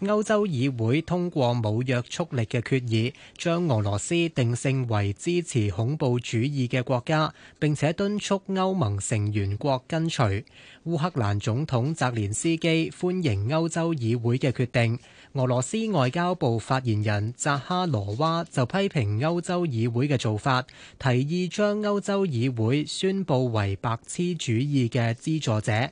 歐洲議會通過冇約束力嘅決議，將俄羅斯定性為支持恐怖主義嘅國家，並且敦促歐盟成員國跟隨。烏克蘭總統澤連斯基歡迎歐洲議會嘅決定。俄羅斯外交部發言人扎哈羅娃就批評歐洲議會嘅做法，提議將歐洲議會宣佈為白痴主義嘅資助者。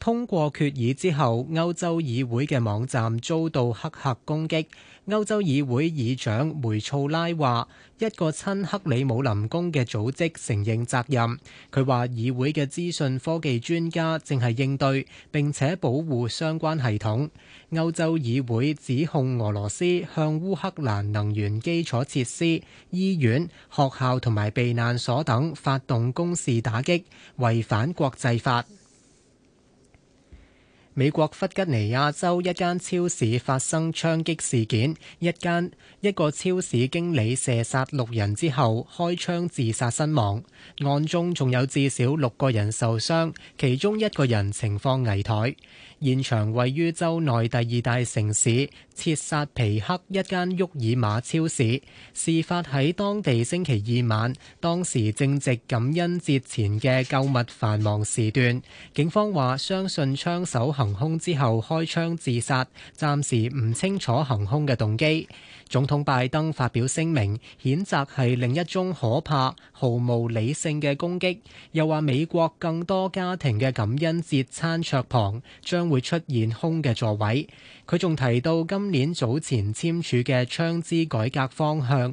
通過決議之後，歐洲議會嘅網站遭到黑客攻擊。歐洲議會議長梅措拉話：一個親克里姆林宮嘅組織承認責任。佢話議會嘅資訊科技專家正係應對並且保護相關系統。歐洲議會指控俄羅斯向烏克蘭能源基礎設施、醫院、學校同埋避難所等發動攻勢打擊，違反國際法。美國弗吉尼亞州一間超市發生槍擊事件，一間一個超市經理射殺六人之後開槍自殺身亡，案中仲有至少六個人受傷，其中一個人情況危殆。現場位於州內第二大城市切薩皮克一間沃爾瑪超市。事發喺當地星期二晚，當時正值感恩節前嘅購物繁忙時段。警方話相信槍手行兇之後開槍自殺，暫時唔清楚行兇嘅動機。總統拜登發表聲明，譴責係另一宗可怕、毫無理性嘅攻擊，又話美國更多家庭嘅感恩節餐桌旁將會出現空嘅座位。佢仲提到今年早前簽署嘅槍械改革方向。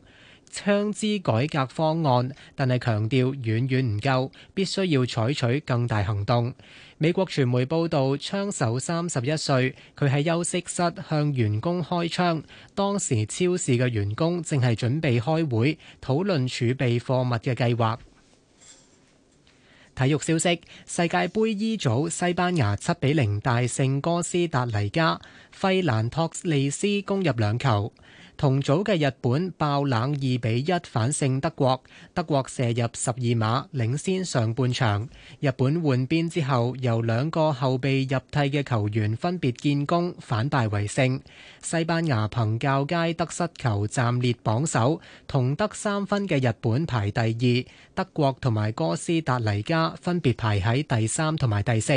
槍支改革方案，但係強調遠遠唔夠，必須要採取更大行動。美國傳媒報道，槍手三十一歲，佢喺休息室向員工開槍。當時超市嘅員工正係準備開會討論儲備貨物嘅計劃。體育消息：世界杯 E 組，西班牙七比零大勝哥斯達黎加，費蘭托利斯攻入兩球。同組嘅日本爆冷二比一反勝德國，德國射入十二碼領先上半場，日本換邊之後由兩個後備入替嘅球員分別建功，反敗為勝，西班牙憑較佳得失球暫列榜首，同得三分嘅日本排第二，德國同埋哥斯達黎加分別排喺第三同埋第四。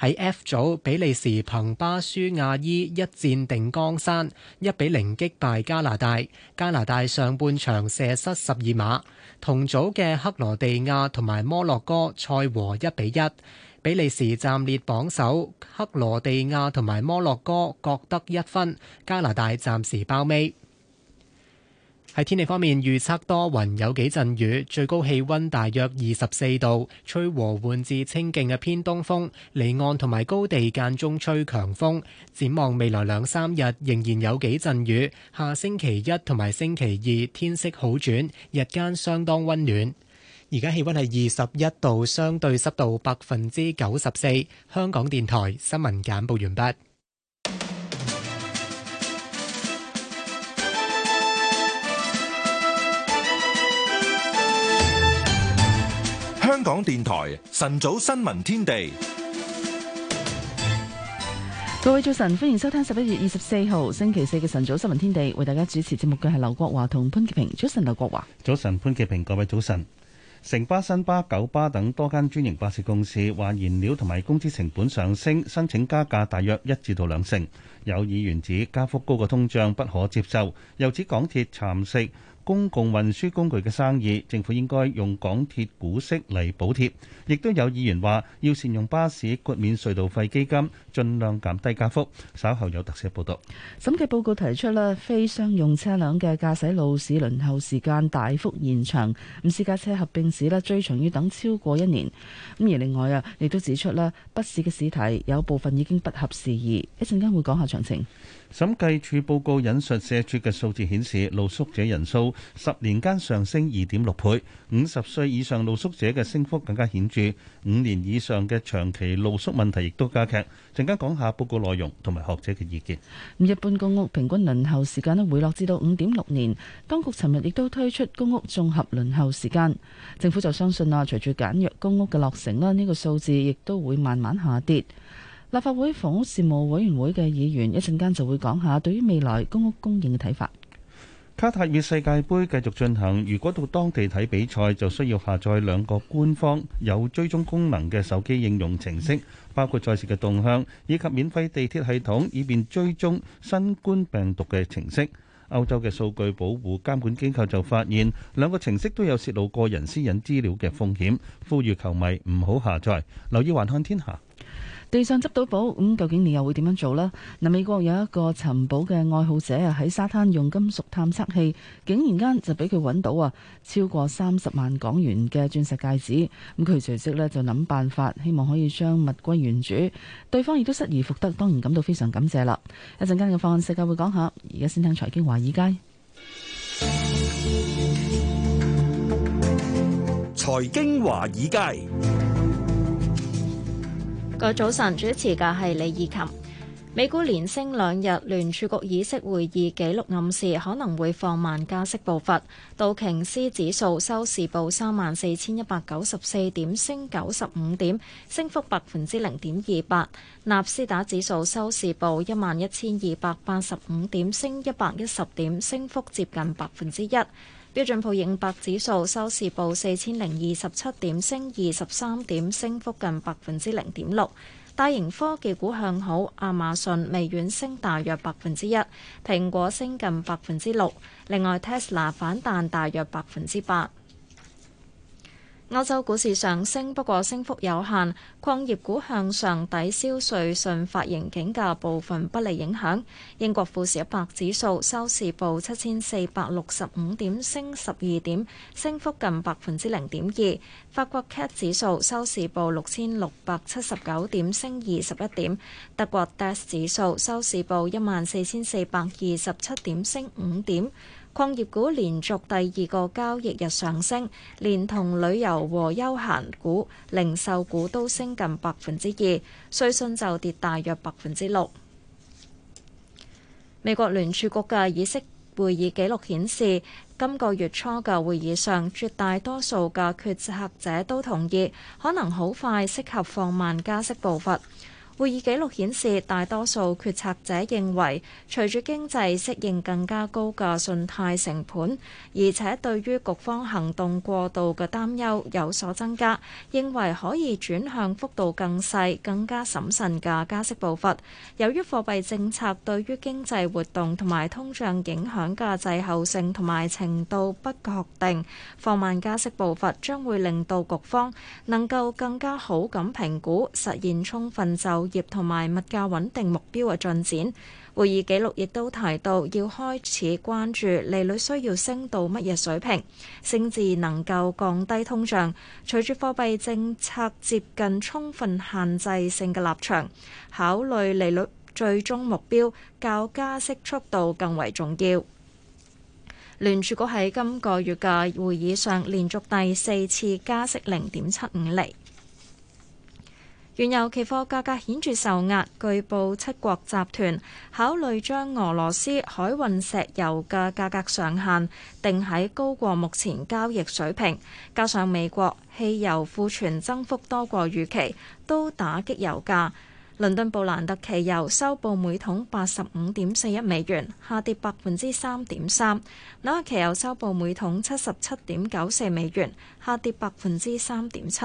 喺 F 組比利時憑巴舒亞伊一戰定江山，一比零擊敗加拿大。加拿大上半場射失十二碼。同組嘅克羅地亞同埋摩洛哥賽和一比一。比利時暫列榜首，克羅地亞同埋摩洛哥各得一分，加拿大暫時包尾。喺天氣方面預測多雲有幾陣雨，最高氣溫大約二十四度，吹和緩至清勁嘅偏東風，離岸同埋高地間中吹強風，展望未來兩三日仍然有幾陣雨，下星期一同埋星期二天色好轉，日間相當溫暖。而家氣溫係二十一度，相對濕度百分之九十四。香港電台新聞簡報完畢。香港電台晨早新聞天地，各位早晨，歡迎收聽十一月二十四號星期四嘅晨早新聞天地，為大家主持節目嘅係劉國華同潘潔平。早晨，劉國華，早晨，潘潔平，各位早晨。城巴、新巴、九巴等多間專營巴士公司話燃料同埋工資成本上升，申請加價大約一至到兩成。有議員指加幅高過通脹不可接受，又指港鐵蠶食。公共運輸工具嘅生意，政府應該用港鐵股息嚟補貼。亦都有議員話要善用巴士豁免隧道費基金，盡量減低加幅。稍後有特寫報道。審計報告提出咧，非商用車輛嘅駕駛路試輪候時間大幅延長，私家車合併試咧，最長要等超過一年。咁而另外啊，亦都指出咧，筆試嘅試題有部分已經不合時宜。一陣間會講下詳情。審計署報告引述社署嘅數字顯示，露宿者人數十年間上升二點六倍，五十歲以上露宿者嘅升幅更加顯著，五年以上嘅長期露宿問題亦都加劇。陣間講下報告內容同埋學者嘅意見。一般公屋平均輪候時間咧回落至到五點六年，當局尋日亦都推出公屋綜合輪候時間，政府就相信啊隨住簡約公屋嘅落成啦，呢、這個數字亦都會慢慢下跌。立法會房屋事務委員會嘅議員一陣間就會講下對於未來公屋供應嘅睇法。卡塔爾世界盃繼續進行，如果到當地睇比賽，就需要下載兩個官方有追蹤功能嘅手機應用程式，包括賽事嘅動向以及免費地鐵系統，以便追蹤新冠病毒嘅程式。歐洲嘅數據保護監管機構就發現兩個程式都有泄露個人私隱資料嘅風險，呼籲球迷唔好下載。留意《環看天下》。地上執到寶，咁究竟你又會點樣做呢？嗱，美國有一個尋寶嘅愛好者啊，喺沙灘用金屬探測器，竟然間就俾佢揾到啊，超過三十萬港元嘅鑽石戒指。咁佢隨即呢就諗辦法，希望可以將物歸原主。對方亦都失而復得，當然感到非常感謝啦。一陣間嘅放眼世界會講下，而家先聽財經華爾街。財經華爾街。個早晨主持嘅係李義琴。美股連升兩日，聯儲局議息會議記錄暗示可能會放慢加息步伐。道瓊斯指數收市報三萬四千一百九十四點，升九十五點，升幅百分之零點二八。納斯達指數收市報一萬一千二百八十五點，升一百一十點，升幅接近百分之一。標準普爾五百指數收市報四千零二十七點，升點，升點升，升二十三點，升幅近百分之零點六。大型科技股向好，亞馬遜微軟升大約百分之一，蘋果升近百分之六。另外，Tesla 反彈大約百分之八。歐洲股市上升，不過升幅有限。礦業股向上抵消瑞信發盈警部分不利影響。英國富時一百指數收市報七千四百六十五點，升十二點，升幅近百分之零點二。法國 CAC 指數收市報六千六百七十九點，升二十一點。德國 DAX 指數收市報一萬四千四百二十七點，升五點。礦業股連續第二個交易日上升，連同旅遊和休閒股、零售股都升近百分之二，瑞信就跌大約百分之六。美國聯儲局嘅議息會議記錄顯示，今個月初嘅會議上，絕大多數嘅決策者都同意可能好快適合放慢加息步伐。會議記錄顯示，大多數決策者認為，隨住經濟適應更加高嘅信貸成本，而且對於局方行動過度嘅擔憂有所增加，認為可以轉向幅度更細、更加審慎嘅加息步伐。由於貨幣政策對於經濟活動同埋通脹影響嘅滯後性同埋程度不確定，放慢加息步伐將會令到局方能夠更加好咁評估，實現充分就業同埋物價穩定目標嘅進展，會議記錄亦都提到要開始關注利率需要升到乜嘢水平，升至能夠降低通脹。隨住貨幣政策接近充分限制性嘅立場，考慮利率最終目標較加息速度更為重要。聯儲局喺今個月嘅會議上，連續第四次加息0.75厘。原油期貨價格顯著受壓，據報七國集團考慮將俄羅斯海運石油嘅價格上限定喺高過目前交易水平，加上美國汽油庫存增幅多過預期，都打擊油價。倫敦布蘭特期油收報每桶八十五點四一美元，下跌百分之三點三；紐約期油收報每桶七十七點九四美元，下跌百分之三點七。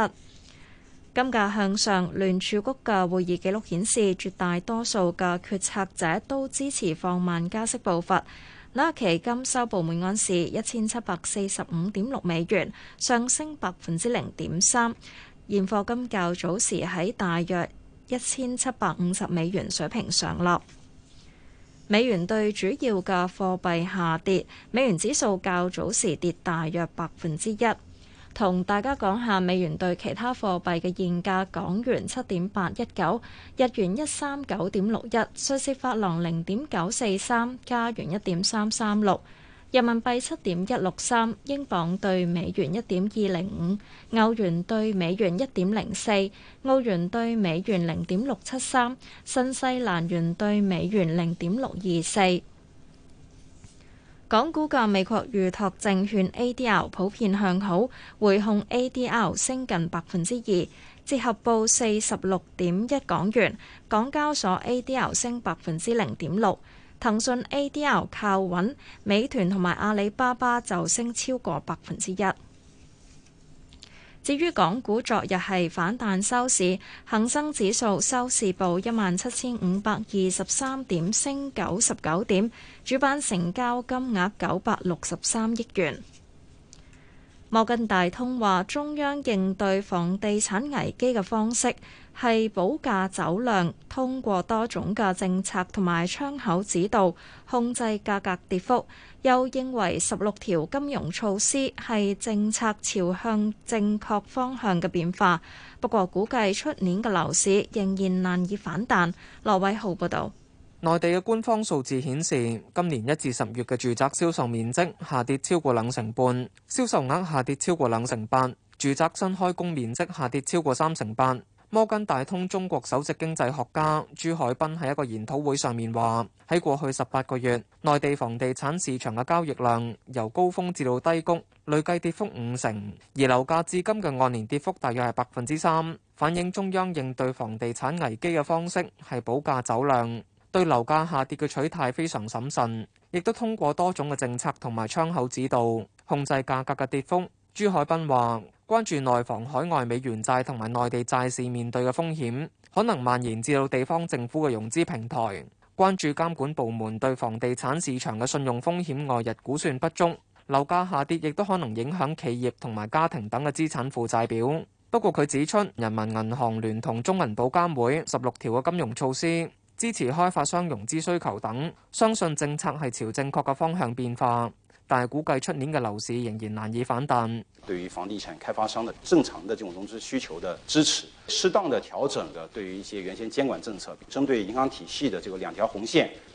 金價向上，聯儲局嘅會議記錄顯示，絕大多數嘅決策者都支持放慢加息步伐。那期金收報每盎司一千七百四十五點六美元，上升百分之零點三。現貨金較早時喺大約一千七百五十美元水平上落。美元對主要嘅貨幣下跌，美元指數較早時跌大約百分之一。同大家講下美元對其他貨幣嘅現價：港元七點八一九，日元一三九點六一，瑞士法郎零點九四三，加元一點三三六，人民幣七點一六三，英鎊對美元一點二零五，歐元對美元一點零四，澳元對美元零點六七三，新西蘭元對美元零點六二四。港股嘅美國預託證券 ADR 普遍向好，匯控 ADR 升近百分之二，折合報四十六點一港元，港交所 ADR 升百分之零點六，騰訊 ADR 靠穩，美團同埋阿里巴巴就升超過百分之一。至於港股昨日係反彈收市，恒生指數收市報一萬七千五百二十三點，升九十九點。主板成交金額九百六十三億元。摩根大通話中央應對房地產危機嘅方式係保價走量，通過多種嘅政策同埋窗口指導控制價格跌幅。又認為十六條金融措施係政策朝向正確方向嘅變化。不過估計出年嘅樓市仍然難以反彈。羅偉浩報道。內地嘅官方數字顯示，今年一至十月嘅住宅銷售面積下跌超過兩成半，銷售額下跌超過兩成八，住宅新開工面積下跌超過三成八。摩根大通中國首席經濟學家朱海斌喺一個研討會上面話：喺過去十八個月，內地房地產市場嘅交易量由高峰至到低谷，累計跌幅五成，而樓價至今嘅按年跌幅大約係百分之三，反映中央應對房地產危機嘅方式係保價走量。對樓價下跌嘅取態非常審慎，亦都通過多種嘅政策同埋窗口指導控制價格嘅跌幅。朱海斌話：關注內房海外美元債同埋內地債市面對嘅風險，可能蔓延至到地方政府嘅融資平台。關注監管部門對房地產市場嘅信用風險外日估算不足，樓價下跌亦都可能影響企業同埋家庭等嘅資產負債表。不過，佢指出，人民銀行聯同中銀保監會十六條嘅金融措施，支持開發商融資需求等，相信政策係朝正確嘅方向變化，但係估計出年嘅樓市仍然難以反彈。對於房地產開發商的正常的這種融資需求的支持，適當的調整嘅對於一些原先監管政策，針對銀行體係的這個兩條紅線。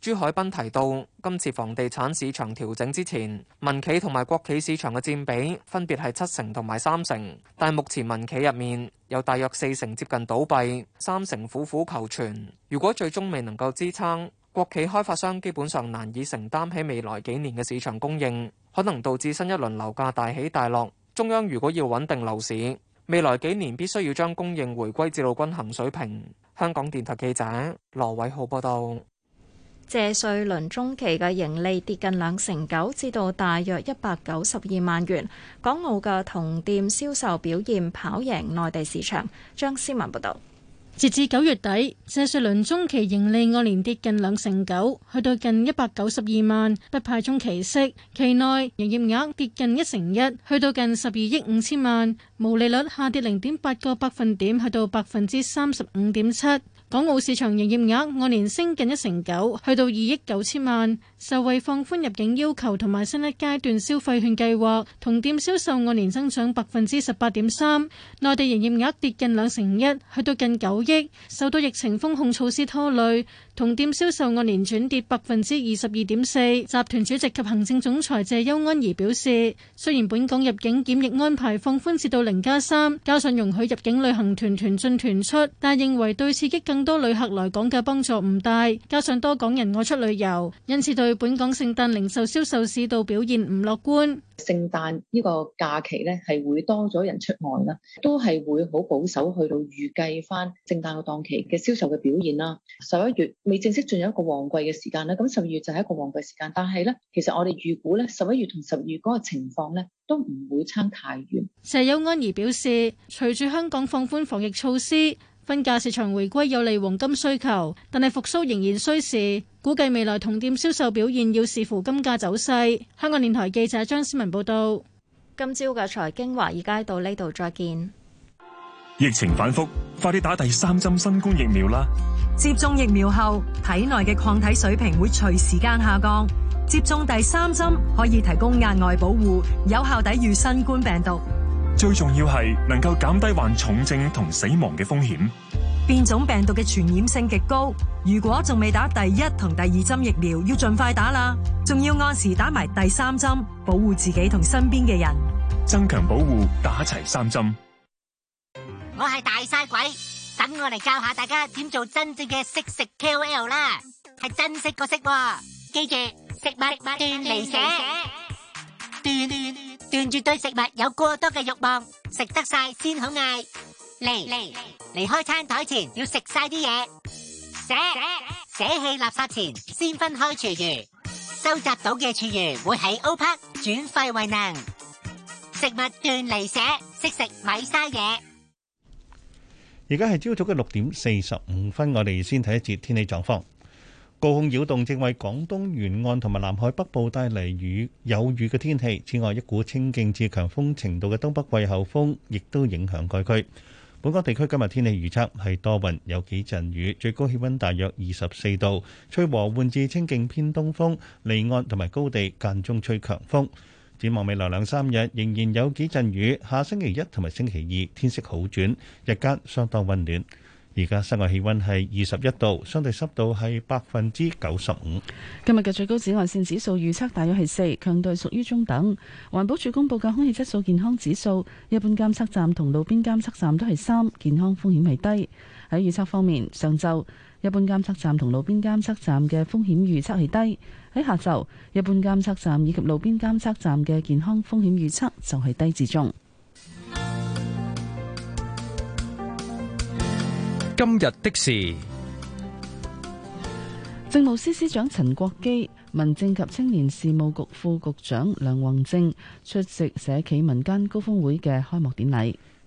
朱海斌提到，今次房地產市場調整之前，民企同埋國企市場嘅佔比分別係七成同埋三成，但目前民企入面有大約四成接近倒閉，三成苦苦求存。如果最終未能夠支撐，國企開發商基本上難以承擔起未來幾年嘅市場供應，可能導致新一輪樓價大起大落。中央如果要穩定樓市，未來幾年必須要將供應回歸至路均衡水平。香港電台記者羅偉浩報道。謝瑞麟中期嘅盈利跌近兩成九，至到大約一百九十二萬元。港澳嘅同店銷售表現跑贏內地市場。張思文報道，截至九月底，謝瑞麟中期盈利按年跌近兩成九，去到近一百九十二萬，不派中期息。期內營業額跌近一成一，去到近十二億五千萬，毛利率下跌零點八個百分點，去到百分之三十五點七。港澳市場營業額按年升近一成九，去到二億九千萬。受惠放寬入境要求同埋新一階段消費券計劃，同店銷售按年增長百分之十八點三，內地營業額跌近兩成一，去到近九億。受到疫情防控措施拖累，同店銷售按年轉跌百分之二十二點四。集團主席及行政總裁謝邱安怡表示，雖然本港入境檢疫安排放寬至到零加三，加上容許入境旅行團團進團出，但認為對刺激更多旅客來港嘅幫助唔大，加上多港人外出旅遊，因此對對本港聖誕零售銷售，售市道表現唔樂觀。聖誕呢個假期咧，係會多咗人出外啦，都係會好保守去到預計翻聖誕個檔期嘅銷售嘅表現啦。十一月未正式進入一個旺季嘅時間咧，咁十二月就係一個旺季時間。但係咧，其實我哋預估咧，十一月同十二月嗰個情況咧都唔會差太遠。謝邱安儀表示，隨住香港放寬防疫措施。婚嫁市場回歸有利黃金需求，但係復蘇仍然需時。估計未來同店銷售表現要視乎金價走勢。香港電台記者張思文報道。今朝嘅財經華爾街到呢度再見。疫情反覆，快啲打第三針新冠疫苗啦！接種疫苗後，體內嘅抗體水平會隨時間下降。接種第三針可以提供額外保護，有效抵禦新冠病毒。最重要係能夠減低患重症同死亡嘅風險。變種病毒嘅傳染性極高，如果仲未打第一同第二針疫苗，要盡快打啦。仲要按時打埋第三針，保護自己同身邊嘅人。增強保護，打齊三針。我係大嘥鬼，等我嚟教下大家點做真正嘅識食 KOL 啦，係真識個識，記住食物不斷離捨，斷。斷絕對食物有過多嘅欲望，食得晒先好嗌離離。離開餐台前要食晒啲嘢，捨捨棄垃圾前先分開廚餘，收集到嘅廚餘會喺 O·PARK 轉廢為能。食物斷捨離，識食咪嘥嘢。而家係朝早嘅六點四十五分，我哋先睇一節天氣狀況。高空擾動正為廣東沿岸同埋南海北部帶嚟雨有雨嘅天氣。此外，一股清勁至強風程度嘅東北季候風亦都影響該區。本港地區今日天氣預測係多雲有幾陣雨，最高氣温大約二十四度，吹和緩至清勁偏東風，離岸同埋高地間中吹強風。展望未來兩三日仍然有幾陣雨，下星期一同埋星期二天色好轉，日間相當温暖。而家室外氣温係二十一度，相對濕度係百分之九十五。今日嘅最高紫外線指數預測大約係四，強度屬於中等。環保署公布嘅空氣質素健康指數，一般監測站同路邊監測站都係三，健康風險係低。喺預測方面，上晝一般監測站同路邊監測站嘅風險預測係低；喺下晝一般監測站以及路邊監測站嘅健康風險預測就係低至中。今日的事，政務司司長陳國基、民政及青年事務局副局長梁宏正出席社企民間高峰會嘅開幕典禮。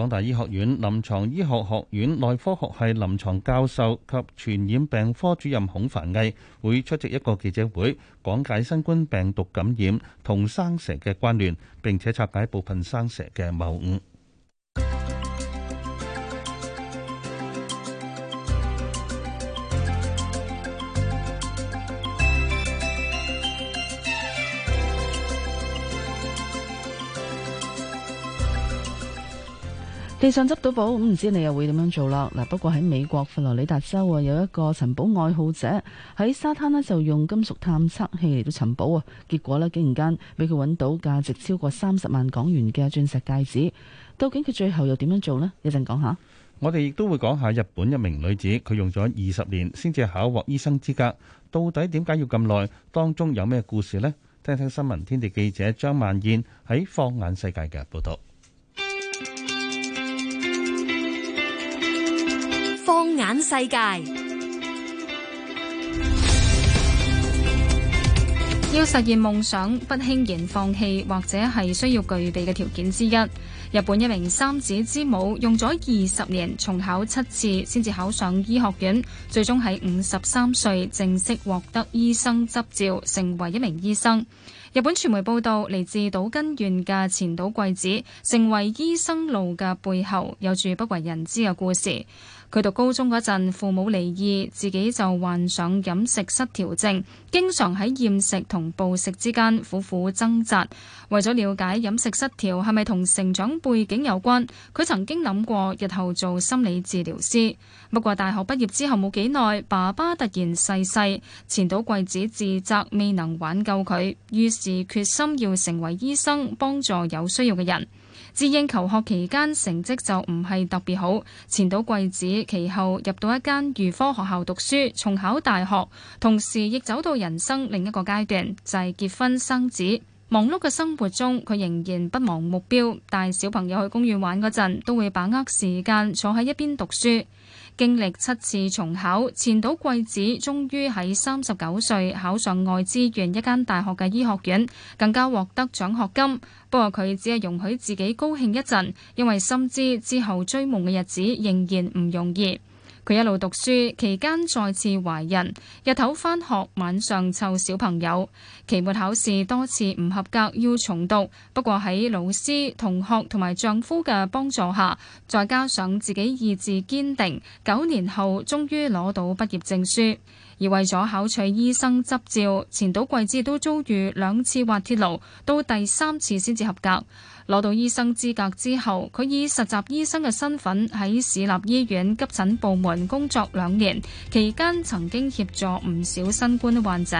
港大醫學院臨床醫學學院內科學系臨床教授及傳染病科主任孔凡毅會出席一個記者會，講解新冠病毒感染同生蛇嘅關聯，並且拆解部分生蛇嘅謬誤。地上執到寶咁，唔知你又會點樣做啦？嗱，不過喺美國佛羅里達州啊，有一個尋寶愛好者喺沙灘呢，就用金屬探測器嚟到尋寶啊，結果呢，竟然間俾佢揾到價值超過三十萬港元嘅鑽石戒指。究竟佢最後又點樣做呢？一陣講下。我哋亦都會講下日本一名女子，佢用咗二十年先至考穫醫生資格，到底點解要咁耐？當中有咩故事呢？聽聽新聞天地記者張曼燕喺《放眼世界》嘅報道。放眼世界，要實現夢想，不輕言放棄，或者係需要具備嘅條件之一。日本一名三子之母用咗二十年，重考七次，先至考上醫學院，最終喺五十三歲正式獲得醫生執照，成為一名醫生。日本傳媒報道，嚟自島根縣嘅前島貴子成為醫生路嘅背後，有住不為人知嘅故事。佢讀高中嗰陣，父母離異，自己就患上飲食失調症，經常喺厭食同暴食之間苦苦掙扎。為咗了解飲食失調係咪同成長背景有關，佢曾經諗過日後做心理治療師。不過大學畢業之後冇幾耐，爸爸突然逝世，前島貴子自責未能挽救佢，於是決心要成為醫生，幫助有需要嘅人。自認求學期間成績就唔係特別好，前到貴子，其後入到一間預科學校讀書，重考大學，同時亦走到人生另一個階段，就係、是、結婚生子。忙碌嘅生活中，佢仍然不忘目標，帶小朋友去公園玩嗰陣，都會把握時間坐喺一邊讀書。經歷七次重考，前島桂子終於喺三十九歲考上外資院一間大學嘅醫學院，更加獲得獎學金。不過佢只係容許自己高興一陣，因為深知之後追夢嘅日子仍然唔容易。佢一路讀書期間再次懷孕，日頭返學，晚上湊小朋友，期末考試多次唔合格要重讀。不過喺老師、同學同埋丈夫嘅幫助下，再加上自己意志堅定，九年後終於攞到畢業證書。而為咗考取醫生執照，前度季節都遭遇兩次滑鐵盧，到第三次先至合格。攞到醫生資格之後，佢以實習醫生嘅身份喺市立醫院急診部門工作兩年，期間曾經協助唔少新冠患者。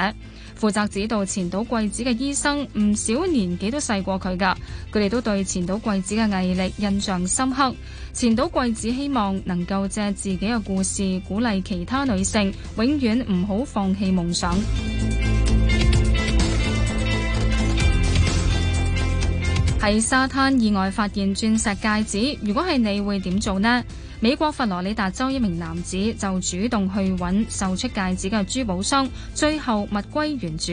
負責指導前島貴子嘅醫生唔少年紀都細過佢㗎，佢哋都對前島貴子嘅毅力印象深刻。前島貴子希望能夠借自己嘅故事鼓勵其他女性，永遠唔好放棄夢想。喺沙灘意外發現鑽石戒指，如果係你會點做呢？美國佛羅里達州一名男子就主動去揾售出戒指嘅珠寶商，最後物歸原主。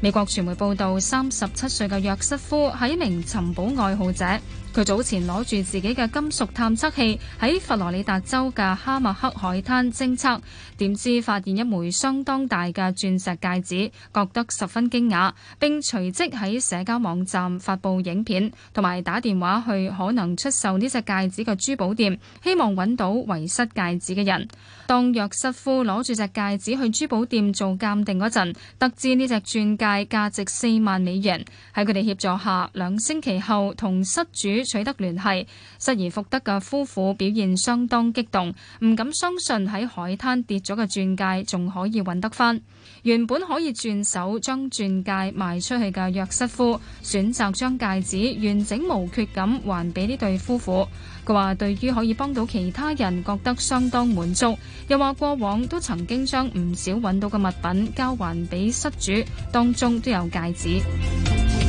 美國傳媒報道，三十七歲嘅約瑟夫係一名尋寶愛好者，佢早前攞住自己嘅金屬探測器喺佛羅里達州嘅哈馬克海灘偵測。點知發現一枚相當大嘅鑽石戒指，覺得十分驚訝，並隨即喺社交網站發布影片，同埋打電話去可能出售呢隻戒指嘅珠寶店，希望揾到遺失戒指嘅人。當約瑟夫攞住隻戒指去珠寶店做鑑定嗰陣，得知呢隻鑽戒價值四萬美元，喺佢哋協助下，兩星期後同失主取得聯繫，失而復得嘅夫婦表現相當激動，唔敢相信喺海灘跌咗嘅鑽戒仲可以揾得返，原本可以轉手將鑽戒賣出去嘅約瑟夫，選擇將戒指完整無缺咁還俾呢對夫婦。佢話對於可以幫到其他人，覺得相當滿足。又話過往都曾經將唔少揾到嘅物品交還俾失主，當中都有戒指。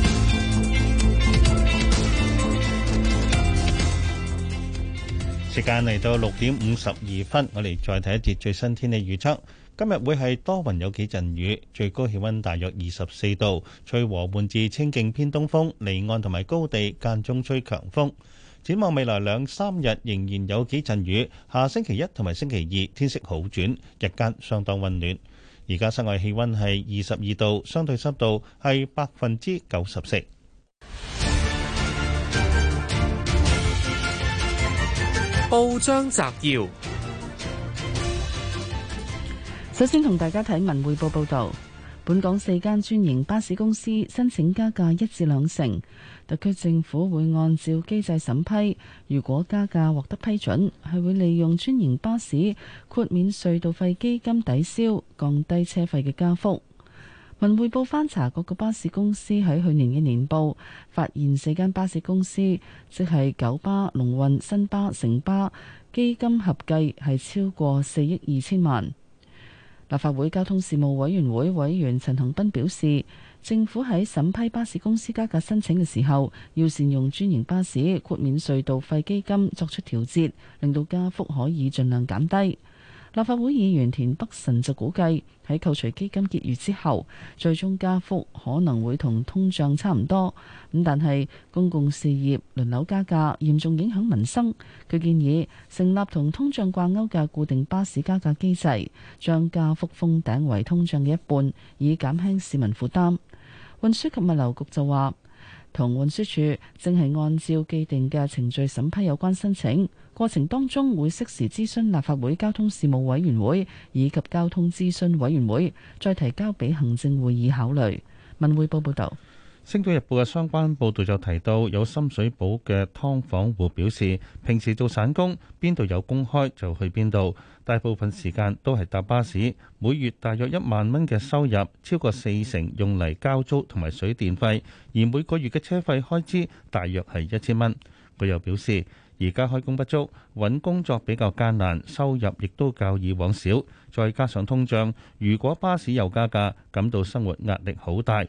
時間嚟到六點五十二分，我哋再睇一節最新天氣預測。今日會係多雲有幾陣雨，最高氣温大約二十四度，吹和緩至清勁偏東風，離岸同埋高地間中吹強風。展望未來兩三日仍然有幾陣雨，下星期一同埋星期二天色好轉，日間相當温暖。而家室外氣温係二十二度，相對濕度係百分之九十四。報章摘要：首先同大家睇文匯報報道，本港四間專營巴士公司申請加價一至兩成，特區政府會按照機制審批。如果加價獲得批准，係會利用專營巴士豁免隧道費基金抵消，降低車費嘅加幅。文匯報翻查各個巴士公司喺去年嘅年報，發現四間巴士公司，即係九巴、龍運、新巴、城巴，基金合計係超過四億二千萬。立法會交通事務委員會委員陳恒斌表示，政府喺審批巴士公司加價申請嘅時候，要善用專營巴士豁免隧道費基金作出調節，令到加幅可以盡量減低。立法會議員田北辰就估計喺扣除基金結餘之後，最終加幅可能會同通脹差唔多。咁但係公共事業輪流加價，嚴重影響民生。佢建議成立同通脹掛鈎嘅固定巴士加價機制，將加幅封頂為通脹嘅一半，以減輕市民負擔。運輸及物流局就話，同運輸署正係按照既定嘅程序審批有關申請。過程當中會適時諮詢立法會交通事務委員會以及交通諮詢委員會，再提交俾行政會議考慮。文匯報報導，《星島日報》嘅相關報導就提到，有深水埗嘅劏房戶表示，平時做散工，邊度有工開就去邊度，大部分時間都係搭巴士，每月大約一萬蚊嘅收入，超過四成用嚟交租同埋水電費，而每個月嘅車費開支大約係一千蚊。佢又表示。而家開工不足，搵工作比較艱難，收入亦都較以往少，再加上通脹，如果巴士又加價，感到生活壓力好大。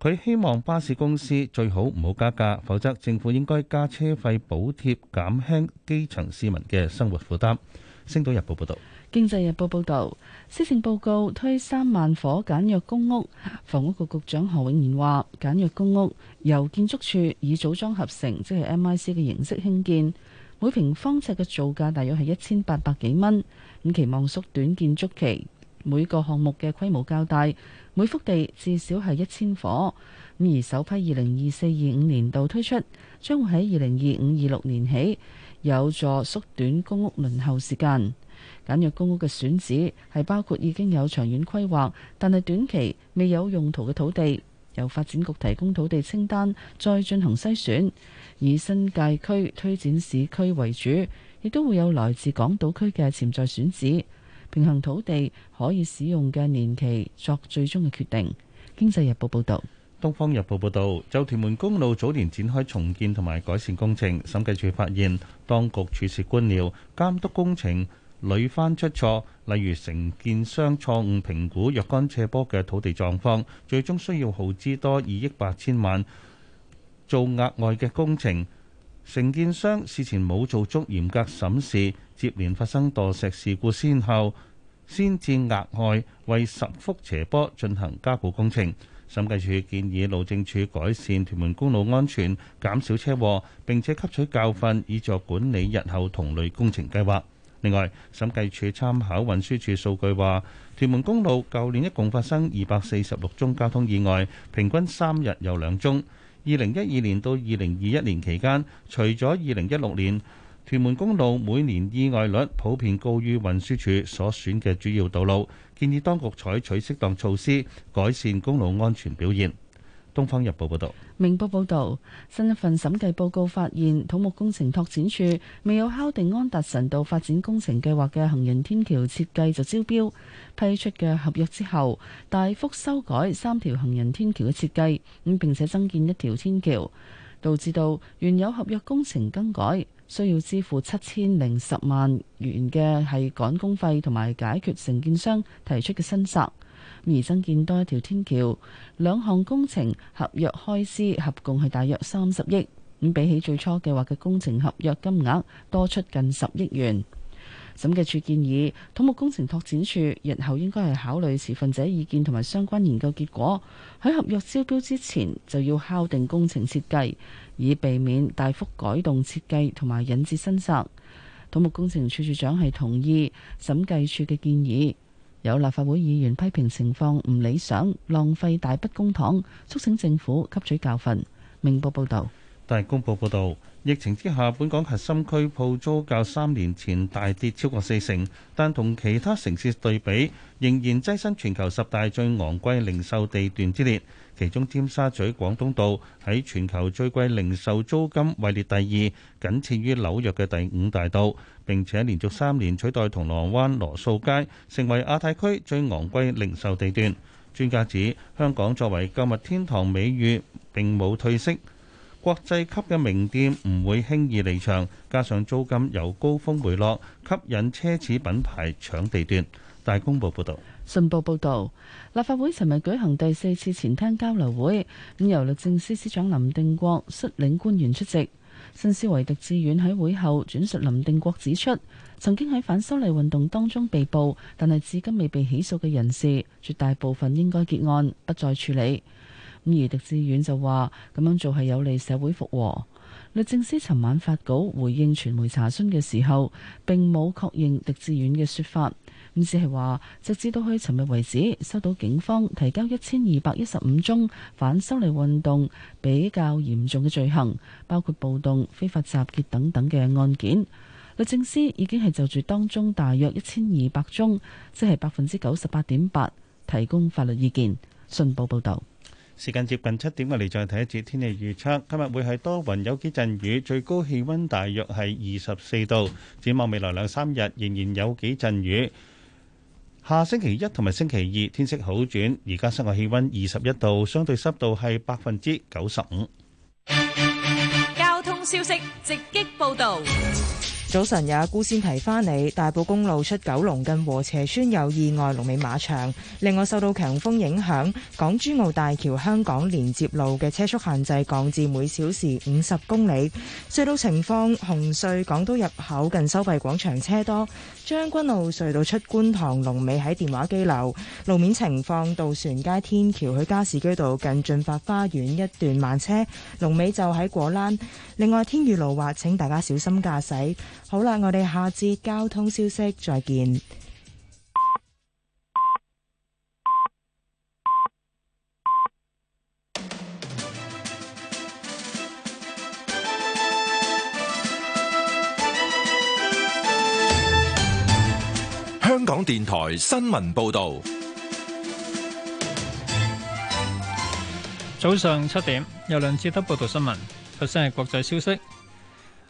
佢希望巴士公司最好唔好加價，否則政府應該加車費補貼，補貼，減輕基層市民嘅生活負擔。星島日報報道。經濟日報報導，施政報告推三萬伙簡約公屋。房屋局局長何永賢話：簡約公屋由建築處以組裝合成，即係 M I C 嘅形式興建，每平方尺嘅造價大約係一千八百幾蚊。咁期望縮短建築期，每個項目嘅規模較大，每幅地至少係一千伙。咁而首批二零二四二五年度推出，將會喺二零二五二六年起有助縮短公屋輪候時間。簡約公屋嘅選址係包括已經有長遠規劃，但係短期未有用途嘅土地，由發展局提供土地清單，再進行篩選，以新界區推展市區為主，亦都會有來自港島區嘅潛在選址。平衡土地可以使用嘅年期，作最終嘅決定。經濟日報報道：東方日報報道，就屯門公路早年展開重建同埋改善工程，審計署發現當局處事官僚監督工程。屢番出錯，例如承建商錯誤評估若干斜坡嘅土地狀況，最終需要耗資多二億八千萬做額外嘅工程。承建商事前冇做足嚴格審視，接連發生墮石事故先，先後先至額外為十幅斜坡進行加固工程。審計署建議路政署改善屯門公路安全，減少車禍，並且吸取教訓，以助管理日後同類工程計劃。另外，審計署參考運輸署數據話，屯門公路舊年一共發生二百四十六宗交通意外，平均三日有兩宗。二零一二年到二零二一年期間，除咗二零一六年，屯門公路每年意外率普遍高於運輸署所選嘅主要道路，建議當局採取適當措施改善公路安全表現。東方日報》報道。《明報》報道，新一份審計報告發現，土木工程拓展處未有敲定安達臣道發展工程計劃嘅行人天橋設計就招標批出嘅合約之後，大幅修改三條行人天橋嘅設計，咁並且增建一條天橋，導致到原有合約工程更改，需要支付七千零十萬元嘅係趕工費同埋解決承建商提出嘅申索。而新建多一條天橋，兩項工程合約開支合共係大約三十億。咁比起最初計劃嘅工程合約金額，多出近十億元。審計署建議土木工程拓展處日後應該係考慮持份者意見同埋相關研究結果，喺合約招標之前就要敲定工程設計，以避免大幅改動設計同埋引致新責。土木工程處處長係同意審計署嘅建議。有立法會議員批評情況唔理想，浪費大筆公帑，促請政府吸取教訓。明報報導，大公報報道，疫情之下，本港核心區鋪租較三年前大跌超過四成，但同其他城市對比，仍然躋身全球十大最昂貴零售地段之列。其中，尖沙咀廣東道喺全球最貴零售租金位列第二，僅次於紐約嘅第五大道。並且連續三年取代銅鑼灣羅素街，成為亞太區最昂貴零售地段。專家指，香港作為購物天堂美譽並冇褪色，國際級嘅名店唔會輕易離場，加上租金由高峰回落，吸引奢侈品牌搶地段。大公報報導，信報報導，立法會尋日舉行第四次前廳交流會，咁由律政司司長林定國率領官員出席。新思維狄志遠喺會後轉述林定國指出，曾經喺反修例運動當中被捕，但係至今未被起訴嘅人士，絕大部分應該結案，不再處理。咁而狄志遠就話咁樣做係有利社會復和。律政司尋晚發稿回應傳媒查詢嘅時候，並冇確認狄志遠嘅說法。咁只係話，直至到去尋日為止，收到警方提交一千二百一十五宗反修例運動比較嚴重嘅罪行，包括暴動、非法集結等等嘅案件。律政司已經係就住當中大約一千二百宗，即係百分之九十八點八，提供法律意見。信報報道。時間接近七點，我哋再睇一節天氣預測。今日會係多雲有幾陣雨，最高氣溫大約係二十四度。展望未來兩三日，仍然有幾陣雨。下星期一同埋星期二天色好轉，而家室外氣溫二十一度，相對濕度係百分之九十五。交通消息直擊報道。早晨，也孤先提翻你，大埔公路出九龍近和斜村有意外，龍尾馬場。另外受到強風影響，港珠澳大橋香港連接路嘅車速限制降至每小時五十公里。隧道情況，紅隧港島入口近收費廣場車多，將軍澳隧道出觀塘龍尾喺電話機樓。路面情況，渡船街天橋去加士居道近進發花園一段慢車，龍尾就喺果欄。另外，天雨路滑，請大家小心駕駛。好啦，我哋下次交通消息再見。香港電台新聞報道，早上七點有兩次都報道新聞。首先係國際消息，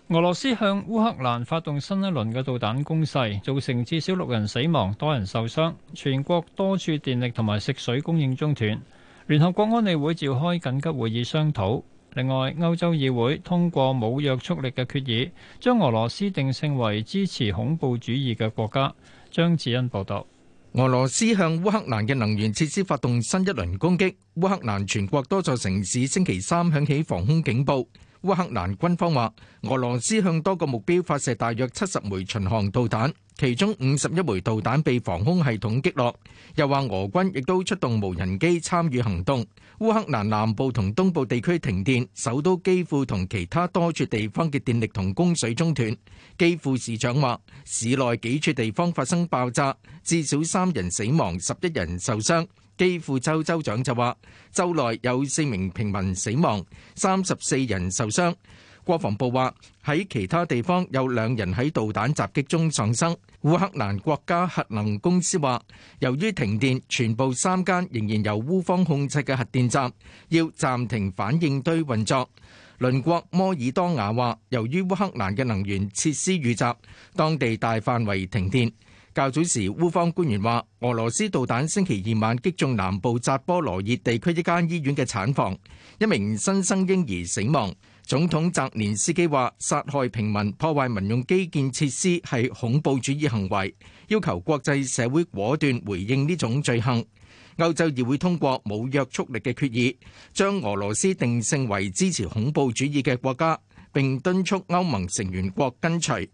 俄羅斯向烏克蘭發動新一輪嘅導彈攻勢，造成至少六人死亡、多人受傷，全國多處電力同埋食水供應中斷。聯合國安理會召開緊急會議商討。另外，歐洲議會通過冇約束力嘅決議，將俄羅斯定性為支持恐怖主義嘅國家。張智恩報道。俄羅斯向烏克蘭嘅能源設施發動新一輪攻擊，烏克蘭全國多座城市星期三響起防空警報。烏克蘭軍方話，俄羅斯向多個目標發射大約七十枚巡航導彈，其中五十一枚導彈被防空系統擊落。又話俄軍亦都出動無人機參與行動。烏克蘭南部同東部地區停電，首都基輔同其他多處地方嘅電力同供水中斷。基輔市長話，市內幾處地方發生爆炸，至少三人死亡，十一人受傷。基輔州州長就話：州內有四名平民死亡，三十四人受傷。國防部話喺其他地方有兩人喺導彈襲擊中喪生。烏克蘭國家核能公司話，由於停電，全部三間仍然由烏方控制嘅核電站要暫停反應堆運作。鄰國摩爾多瓦話，由於烏克蘭嘅能源設施遇襲，當地大範圍停電。較早時，烏方官員話，俄羅斯導彈星期二晚擊中南部扎波羅熱地區一間醫院嘅產房，一名新生嬰兒死亡。總統澤連斯基話，殺害平民、破壞民用基建設施係恐怖主義行為，要求國際社會果斷回應呢種罪行。歐洲議會通過冇約束力嘅決議，將俄羅斯定性為支持恐怖主義嘅國家，並敦促歐盟成員國跟隨。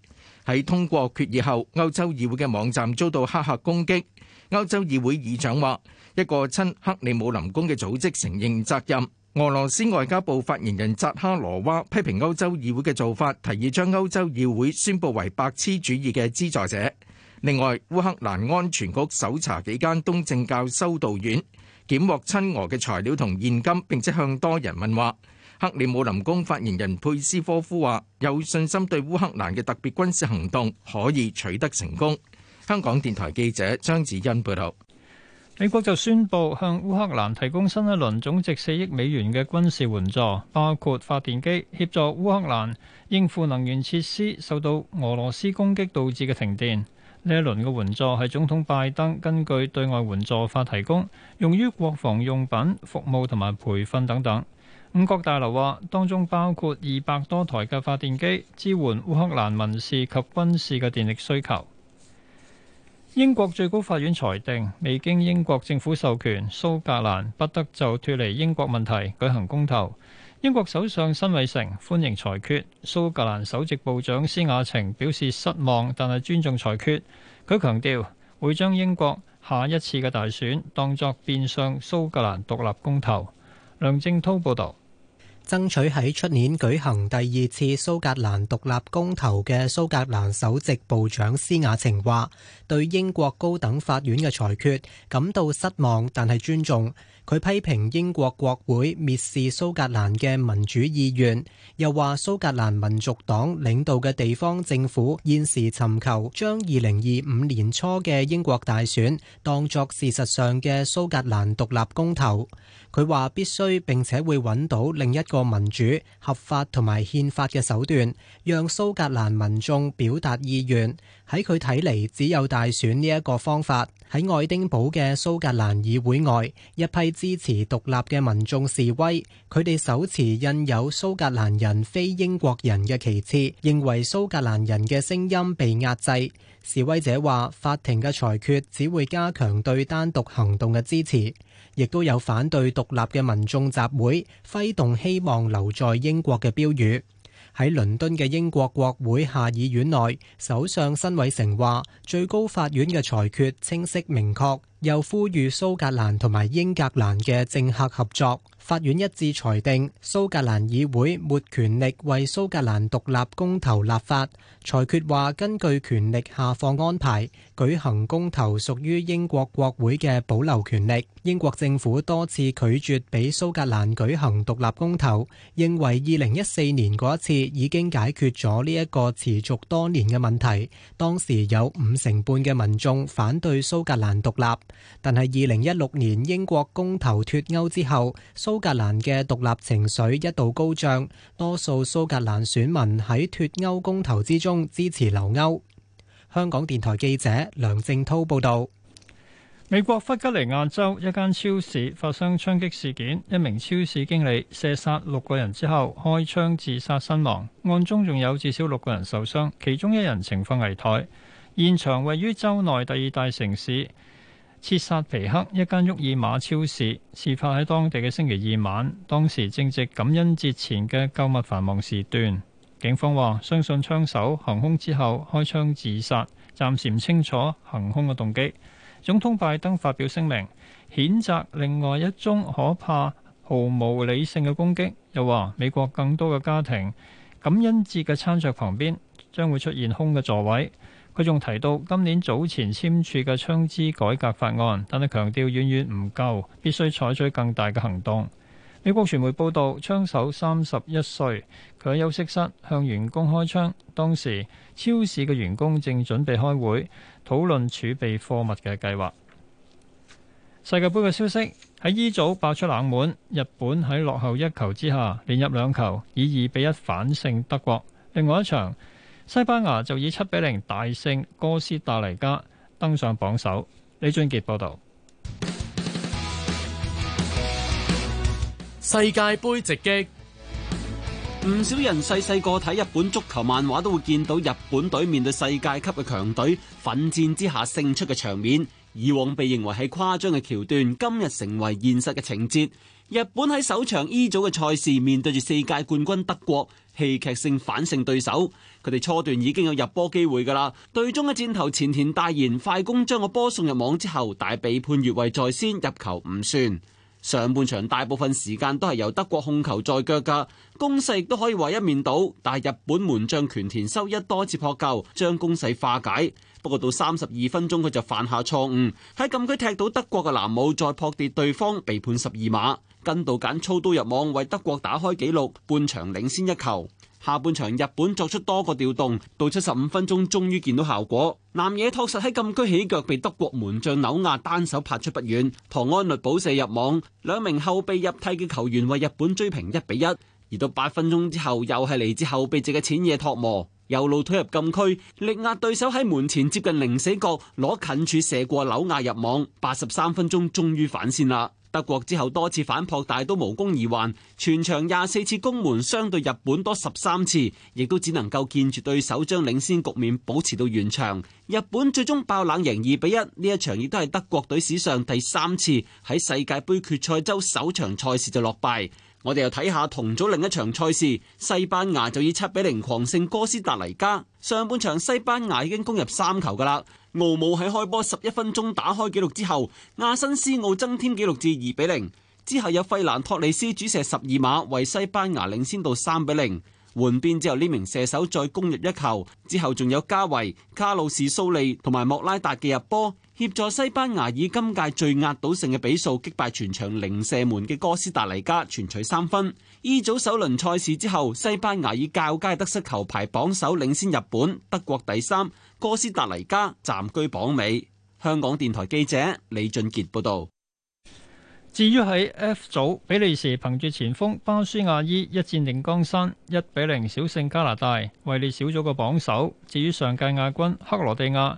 喺通過決議後，歐洲議會嘅網站遭到黑客攻擊。歐洲議會議長話：一個親克里姆林宮嘅組織承認責任。俄羅斯外交部發言人扎哈羅娃批評歐洲議會嘅做法，提議將歐洲議會宣佈為白痴主義嘅資助者。另外，烏克蘭安全局搜查幾間東正教修道院，檢獲親俄嘅材料同現金，並且向多人問話。克里姆林宮發言人佩斯科夫話：有信心對烏克蘭嘅特別軍事行動可以取得成功。香港電台記者張子欣報道，美國就宣佈向烏克蘭提供新一輪總值四億美元嘅軍事援助，包括發電機協助烏克蘭應付能源設施受到俄羅斯攻擊導致嘅停電。呢一輪嘅援助係總統拜登根據對外援助法提供，用於國防用品、服務同埋培訓等等。五角大樓話，當中包括二百多台嘅發電機支援烏克蘭民事及軍事嘅電力需求。英國最高法院裁定，未經英國政府授權，蘇格蘭不得就脫離英國問題舉行公投。英國首相辛偉誠歡迎裁決，蘇格蘭首席部長施雅晴表示失望，但係尊重裁決。佢強調會將英國下一次嘅大選當作變相蘇格蘭獨立公投。梁正滔報導。爭取喺出年舉行第二次蘇格蘭獨立公投嘅蘇格蘭首席部長施雅晴話：對英國高等法院嘅裁決感到失望，但係尊重。佢批評英國國會蔑視蘇格蘭嘅民主意願，又話蘇格蘭民族黨領導嘅地方政府現時尋求將二零二五年初嘅英國大選當作事實上嘅蘇格蘭獨立公投。佢話必須並且會揾到另一個民主、合法同埋憲法嘅手段，讓蘇格蘭民眾表達意願。喺佢睇嚟，只有大選呢一個方法。喺愛丁堡嘅蘇格蘭議會外，一批支持獨立嘅民眾示威，佢哋手持印有蘇格蘭人非英國人嘅旗幟，認為蘇格蘭人嘅聲音被壓制。示威者話：法庭嘅裁決只會加強對單獨行動嘅支持。亦都有反對獨立嘅民眾集會，揮動希望留在英國嘅標語。喺倫敦嘅英國國會下議院內，首相辛偉誠話：最高法院嘅裁決清晰明確，又呼籲蘇格蘭同埋英格蘭嘅政客合作。法院一致裁定蘇格蘭議會沒權力為蘇格蘭獨立公投立法。裁決話，根據權力下放安排，舉行公投屬於英國國會嘅保留權力。英國政府多次拒絕俾蘇格蘭舉行獨立公投，認為2014年嗰一次已經解決咗呢一個持續多年嘅問題。當時有五成半嘅民眾反對蘇格蘭獨立，但係2016年英國公投脫歐之後，蘇。蘇格蘭嘅獨立情緒一度高漲，多數蘇格蘭選民喺脱歐公投之中支持留歐。香港電台記者梁正濤報道。美國弗吉尼亞州一間超市發生槍擊事件，一名超市經理射殺六個人之後開槍自殺身亡，案中仲有至少六個人受傷，其中一人情況危殆。現場位於州內第二大城市。切薩皮克一間沃爾瑪超市，事發喺當地嘅星期二晚，當時正值感恩節前嘅購物繁忙時段。警方話相信槍手行凶之後開槍自殺，暫時唔清楚行凶嘅動機。總統拜登發表聲明譴責另外一宗可怕、毫無理性嘅攻擊，又話美國更多嘅家庭感恩節嘅餐桌旁邊將會出現空嘅座位。佢仲提到今年早前簽署嘅槍支改革法案，但係強調遠遠唔夠，必須採取更大嘅行動。美國傳媒報道，槍手三十一歲，佢喺休息室向員工開槍，當時超市嘅員工正準備開會討論儲備貨物嘅計劃。世界盃嘅消息喺 E 組爆出冷門，日本喺落後一球之下連入兩球，以二比一反勝德國。另外一場，西班牙就以七比零大勝哥斯達黎加，登上榜首。李俊傑報道。世界杯直擊，唔少人細細個睇日本足球漫畫都會見到日本隊面對世界級嘅強隊，奮戰之下勝出嘅場面，以往被認為係誇張嘅橋段，今日成為現實嘅情節。日本喺首場 E 組嘅賽事面對住世界冠軍德國，戲劇性反勝對手。佢哋初段已經有入波機會噶啦，隊中嘅箭頭前田大賢快攻將個波送入網之後，但係被判越位在先，入球唔算。上半場大部分時間都係由德國控球在腳噶，攻勢亦都可以話一面倒。但係日本門將權田修一多次撲救將攻勢化解。不過到三十二分鐘，佢就犯下錯誤，喺禁區踢到德國嘅藍帽再撲跌對方，被判十二碼。跟道簡操刀入網為德國打開紀錄，半場領先一球。下半場日本作出多個調動，到七十五分鐘終於見到效果。南野拓實喺禁區起腳，被德國門將紐亞單手拍出不遠。唐安律補射入網，兩名後備入替嘅球員為日本追平一比一。而到八分鐘之後，又係嚟自後備席嘅淺野拓磨右路推入禁區，力壓對手喺門前接近零死角攞近處射過紐亞入網。八十三分鐘終於反先啦。德國之後多次反撲，但係都無功而還，全場廿四次攻門，相對日本多十三次，亦都只能夠見住對手將領先局面保持到完場。日本最終爆冷贏二比一，呢一場亦都係德國隊史上第三次喺世界杯決賽周首場賽事就落敗。我哋又睇下同組另一場賽事，西班牙就以七比零狂勝哥斯達黎加。上半場西班牙已經攻入三球㗎喇。奧姆喺開波十一分鐘打開紀錄之後，亞辛斯奧增添紀錄至二比零。之後有費蘭托里斯主射十二碼，為西班牙領先到三比零。換邊之後呢名射手再攻入一球，之後仲有加維、卡路士、蘇利同埋莫拉達嘅入波，協助西班牙以今屆最壓倒性嘅比數擊敗全場零射門嘅哥斯達黎加，全取三分。E 組首輪賽事之後，西班牙以較佳得失球排榜首，領先日本、德國第三。哥斯達黎加暫居榜尾。香港電台記者李俊杰報道。至於喺 F 組，比利時憑住前鋒巴舒亞伊一戰定江山，一比零小勝加拿大，位列小組嘅榜首。至於上屆亞軍克羅地亞，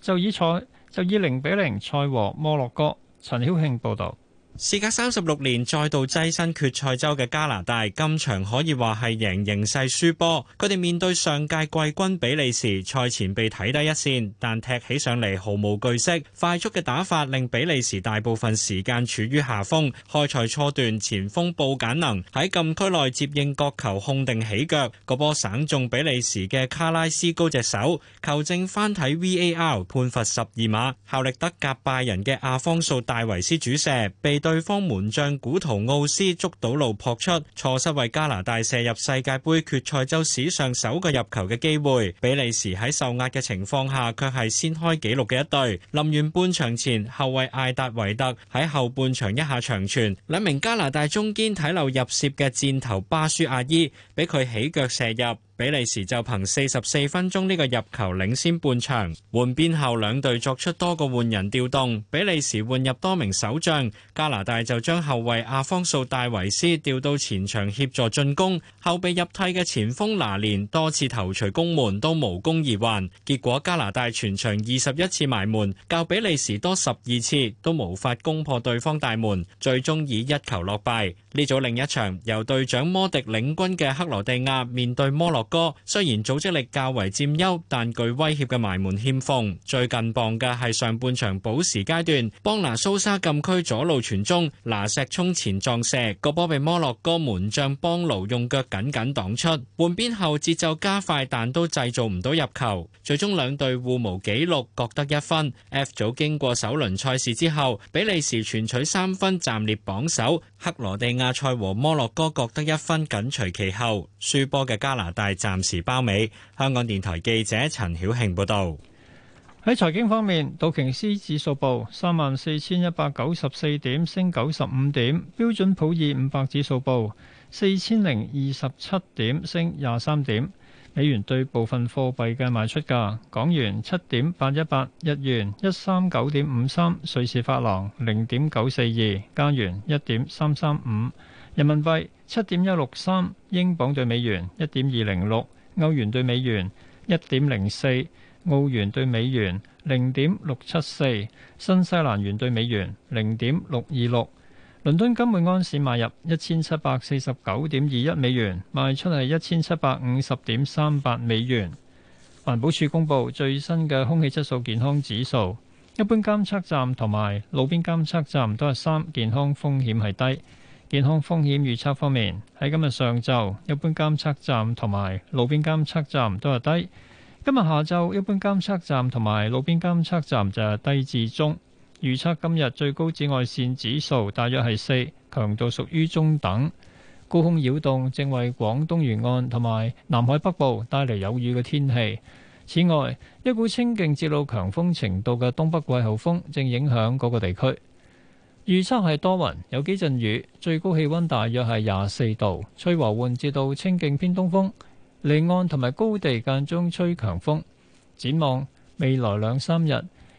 就以賽就以零比零賽和摩洛哥。陳曉慶報道。事隔三十六年再度躋身決賽周嘅加拿大，今場可以話係贏形勢輸波。佢哋面對上屆季軍比利時，賽前被睇低一線，但踢起上嚟毫無懼色。快速嘅打法令比利時大部分時間處於下風。開賽初段，前鋒布簡能喺禁區內接應角球控定起腳，個波省中比利時嘅卡拉斯高隻手，球證翻睇 VAR 判罰十二碼，效力德甲拜仁嘅阿方素戴維斯主射，被對方門將古圖奧斯捉到路撲出，錯失為加拿大射入世界杯決賽周史上首個入球嘅機會。比利時喺受壓嘅情況下，卻係先開紀錄嘅一隊。臨完半場前，後衛艾達維特喺後半場一下長傳，兩名加拿大中堅睇漏入楔嘅箭頭巴舒亞依俾佢起腳射入。比利時就憑四十四分鐘呢個入球領先半場，換邊後兩隊作出多個換人調動，比利時換入多名守將，加拿大就將後衛阿方素戴維斯調到前場協助進攻，後備入替嘅前鋒拿連多次頭鎚攻門都無功而還，結果加拿大全場二十一次埋門，較比利時多十二次，都無法攻破對方大門，最終以一球落敗。呢組另一場由隊長摩迪領軍嘅克羅地亞面對摩洛哥，雖然組織力較為佔優，但具威脅嘅埋門欠奉。最近磅嘅係上半場補時階段，邦拿蘇沙禁區左路傳中，拿石衝前撞射，個波被摩洛哥門將邦勞用腳緊緊擋出。換邊後節奏加快，但都製造唔到入球。最終兩隊互無紀錄，各得一分。F 組經過首輪賽事之後，比利時全取三分，暫列榜首。克羅地亞賽和摩洛哥各得一分，緊隨其後，輸波嘅加拿大暫時包尾。香港電台記者陳曉慶報道。喺財經方面，道瓊斯指數報三萬四千一百九十四點，升九十五點；標準普爾五百指數報四千零二十七點，升廿三點。美元兌部分貨幣嘅賣出價：港元七點八一八，日元一三九點五三，瑞士法郎零點九四二，加元一點三三五，人民幣七點一六三，英鎊兌美元一點二零六，歐元兌美元一點零四，澳元兌美元零點六七四，新西蘭元兌美元零點六二六。倫敦金每安士買入一千七百四十九點二一美元，賣出係一千七百五十點三八美元。環保署公布最新嘅空氣質素健康指數，一般監測站同埋路邊監測站都係三，健康風險係低。健康風險預測方面，喺今日上晝，一般監測站同埋路邊監測站都係低。今日下晝，一般監測站同埋路邊監測站就係低至中。預測今日最高紫外線指數大約係四，強度屬於中等。高空擾動正為廣東沿岸同埋南海北部帶嚟有雨嘅天氣。此外，一股清勁至到強風程度嘅東北季候風正影響嗰個地區。預測係多雲，有幾陣雨，最高氣溫大約係廿四度，吹和緩至到清勁偏東風，離岸同埋高地間中吹強風。展望未來兩三日，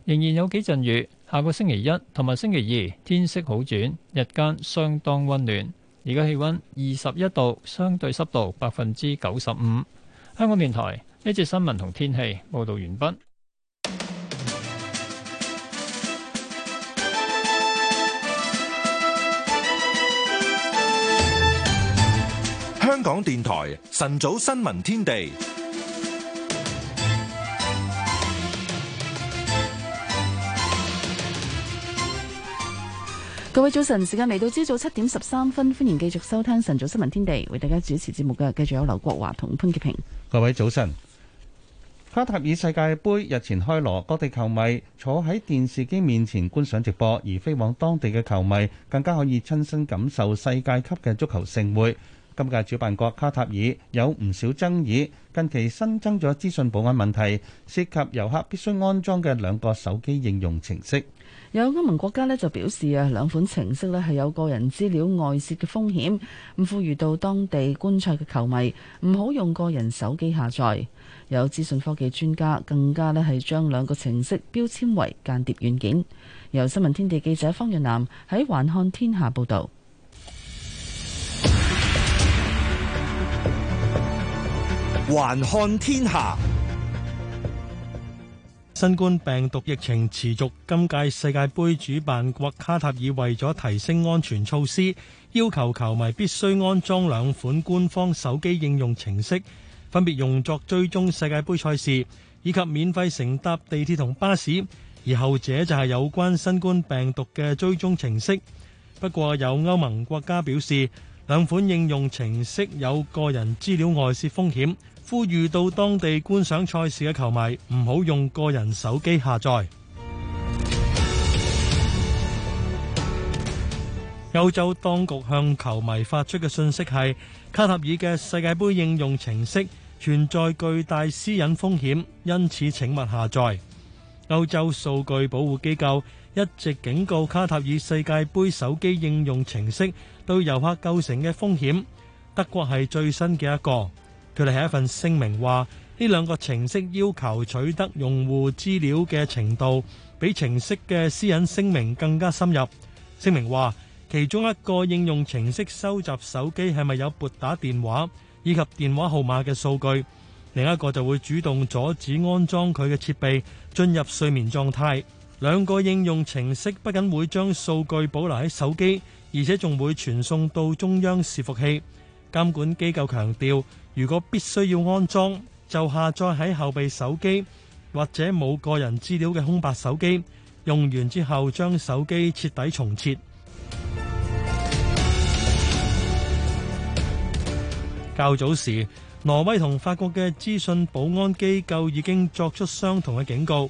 仍然有幾陣雨。下個星期一同埋星期二天色好轉，日間相當溫暖。而家氣溫二十一度，相對濕度百分之九十五。香港電台呢節新聞同天氣報道完畢。香港電台晨早新聞天地。各位早晨，時間嚟到朝早七點十三分，歡迎繼續收聽晨早新聞天地，為大家主持節目嘅繼續有劉國華同潘潔平。各位早晨，卡塔爾世界杯日前開鑼，各地球迷坐喺電視機面前觀賞直播，而飛往當地嘅球迷更加可以親身感受世界級嘅足球盛會。今屆主辦國卡塔爾有唔少爭議，近期新增咗資訊保安問題，涉及遊客必須安裝嘅兩個手機應用程式。有歐盟國家咧就表示啊，兩款程式咧係有個人資料外泄嘅風險，唔富裕到當地觀賽嘅球迷唔好用個人手機下載。有資訊科技專家更加咧係將兩個程式標籤為間諜軟件。由新聞天地記者方若南喺環看天下報導。環看天下。新冠病毒疫情持續，今屆世界盃主辦國卡塔爾為咗提升安全措施，要求球迷必須安裝兩款官方手機應用程式，分別用作追蹤世界盃賽事以及免費乘搭地鐵同巴士，而後者就係有關新冠病毒嘅追蹤程式。不過，有歐盟國家表示，兩款應用程式有個人資料外泄風險。呼籲到當地觀賞賽事嘅球迷唔好用個人手機下載。歐 洲當局向球迷發出嘅訊息係：卡塔爾嘅世界盃應用程式存在巨大私隱風險，因此請勿下載。歐洲數據保護機構一直警告卡塔爾世界盃手機應用程式對遊客構成嘅風險。德國係最新嘅一個。佢哋係一份聲明，話呢兩個程式要求取得用戶資料嘅程度，比程式嘅私隱聲明更加深入。聲明話，其中一個應用程式收集手機係咪有撥打電話以及電話號碼嘅數據，另一個就會主動阻止安裝佢嘅設備進入睡眠狀態。兩個應用程式不僅會將數據保留喺手機，而且仲會傳送到中央伺服器。監管機構強調。如果必須要安裝，就下載喺後備手機，或者冇個人資料嘅空白手機。用完之後，將手機徹底重設。較早時，挪威同法國嘅資訊保安機構已經作出相同嘅警告。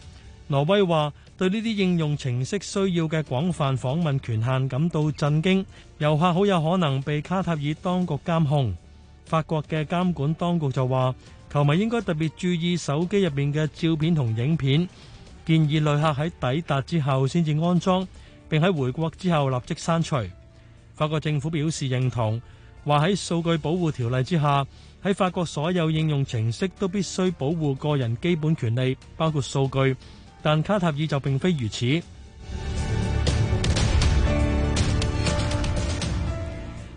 挪威話，對呢啲應用程式需要嘅廣泛訪問權限感到震驚，遊客好有可能被卡塔爾當局監控。法國嘅監管當局就話，球迷應該特別注意手機入面嘅照片同影片，建議旅客喺抵達之後先至安裝，並喺回國之後立即刪除。法國政府表示認同，話喺數據保護條例之下，喺法國所有應用程式都必須保護個人基本權利，包括數據。但卡塔爾就並非如此。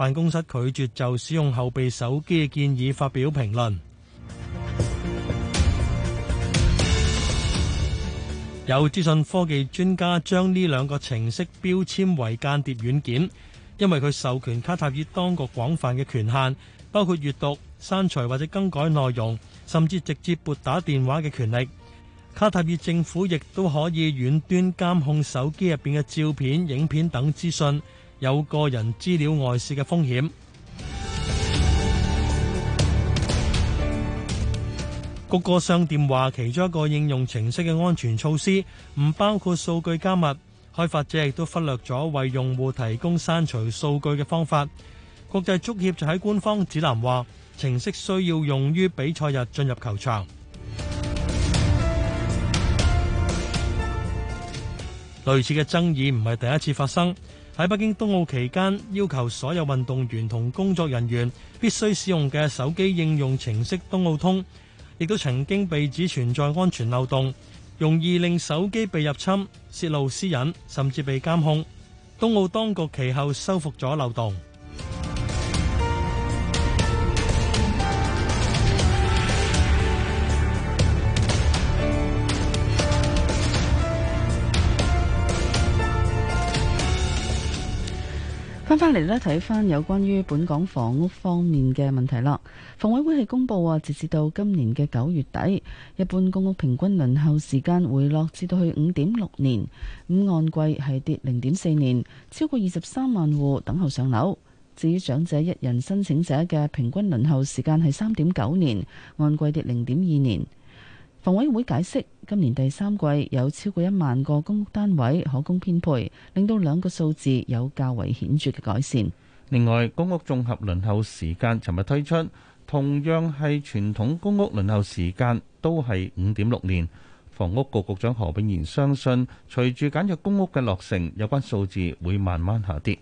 辦公室拒絕就使用後備手機嘅建議發表評論。 有資訊科技專家將呢兩個程式標籤為間諜軟件，因為佢授權卡塔爾當局廣泛嘅權限，包括閱讀、刪除或者更改內容，甚至直接撥打電話嘅權力。卡塔爾政府亦都可以遠端監控手機入邊嘅照片、影片等資訊。有個人資料外泄嘅風險。谷歌商店話，其中一個應用程式嘅安全措施唔包括數據加密，開發者亦都忽略咗為用戶提供刪除數據嘅方法。國際足協就喺官方指南話，程式需要用於比賽日進入球場。 類似嘅爭議唔係第一次發生。喺北京冬奧期間，要求所有運動員同工作人員必須使用嘅手機應用程式冬奧通，亦都曾經被指存在安全漏洞，容易令手機被入侵、泄露私隱，甚至被監控。冬奧當局其後修復咗漏洞。翻翻嚟呢，睇翻有關於本港房屋方面嘅問題啦。房委會係公布啊，截至到今年嘅九月底，一般公屋平均輪候時間回落至到去五點六年，五按季係跌零點四年，超過二十三萬戶等候上樓。至於長者一人申請者嘅平均輪候時間係三點九年，按季跌零點二年。房委會解釋，今年第三季有超過一萬個公屋單位可供編配，令到兩個數字有較為顯著嘅改善。另外，公屋綜合輪候時間尋日推出，同樣係傳統公屋輪候時間，都係五點六年。房屋局局長何永賢相信，隨住簡約公屋嘅落成，有關數字會慢慢下跌。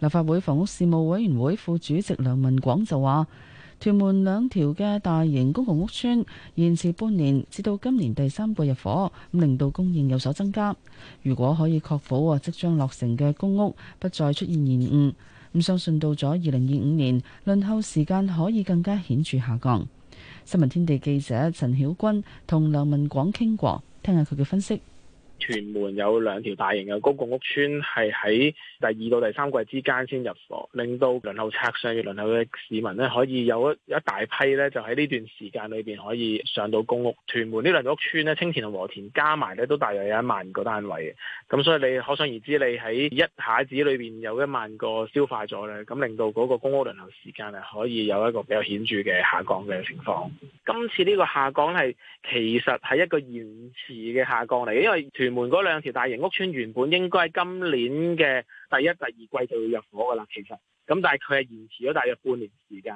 立法會房屋事務委員會副主席梁文廣就話。屯門兩條嘅大型公共屋，屋邨延遲半年，至到今年第三季入伙，咁令到供應有所增加。如果可以確保即將落成嘅公屋不再出現延誤，咁相信到咗二零二五年，輪候時間可以更加顯著下降。新聞天地記者陳曉君同梁文廣傾過，聽下佢嘅分析。屯門有兩條大型嘅公共屋邨係喺第二到第三季之間先入伙，令到輪候冊上嘅輪候嘅市民咧，可以有有一大批咧，就喺呢段時間裏邊可以上到公屋。屯門呢兩個屋村，咧，青田同和，和田加埋咧，都大約有一萬個單位，咁所以你可想而知，你喺一下子裏邊有一萬個消化咗咧，咁令到嗰個公屋輪候時間啊，可以有一個比較顯著嘅下降嘅情況。今次呢個下降係其實係一個延遲嘅下降嚟，因為屯門嗰兩條大型屋邨原本應該喺今年嘅第一、第二季就會入伙㗎啦，其實。咁但係佢係延遲咗大約半年時間，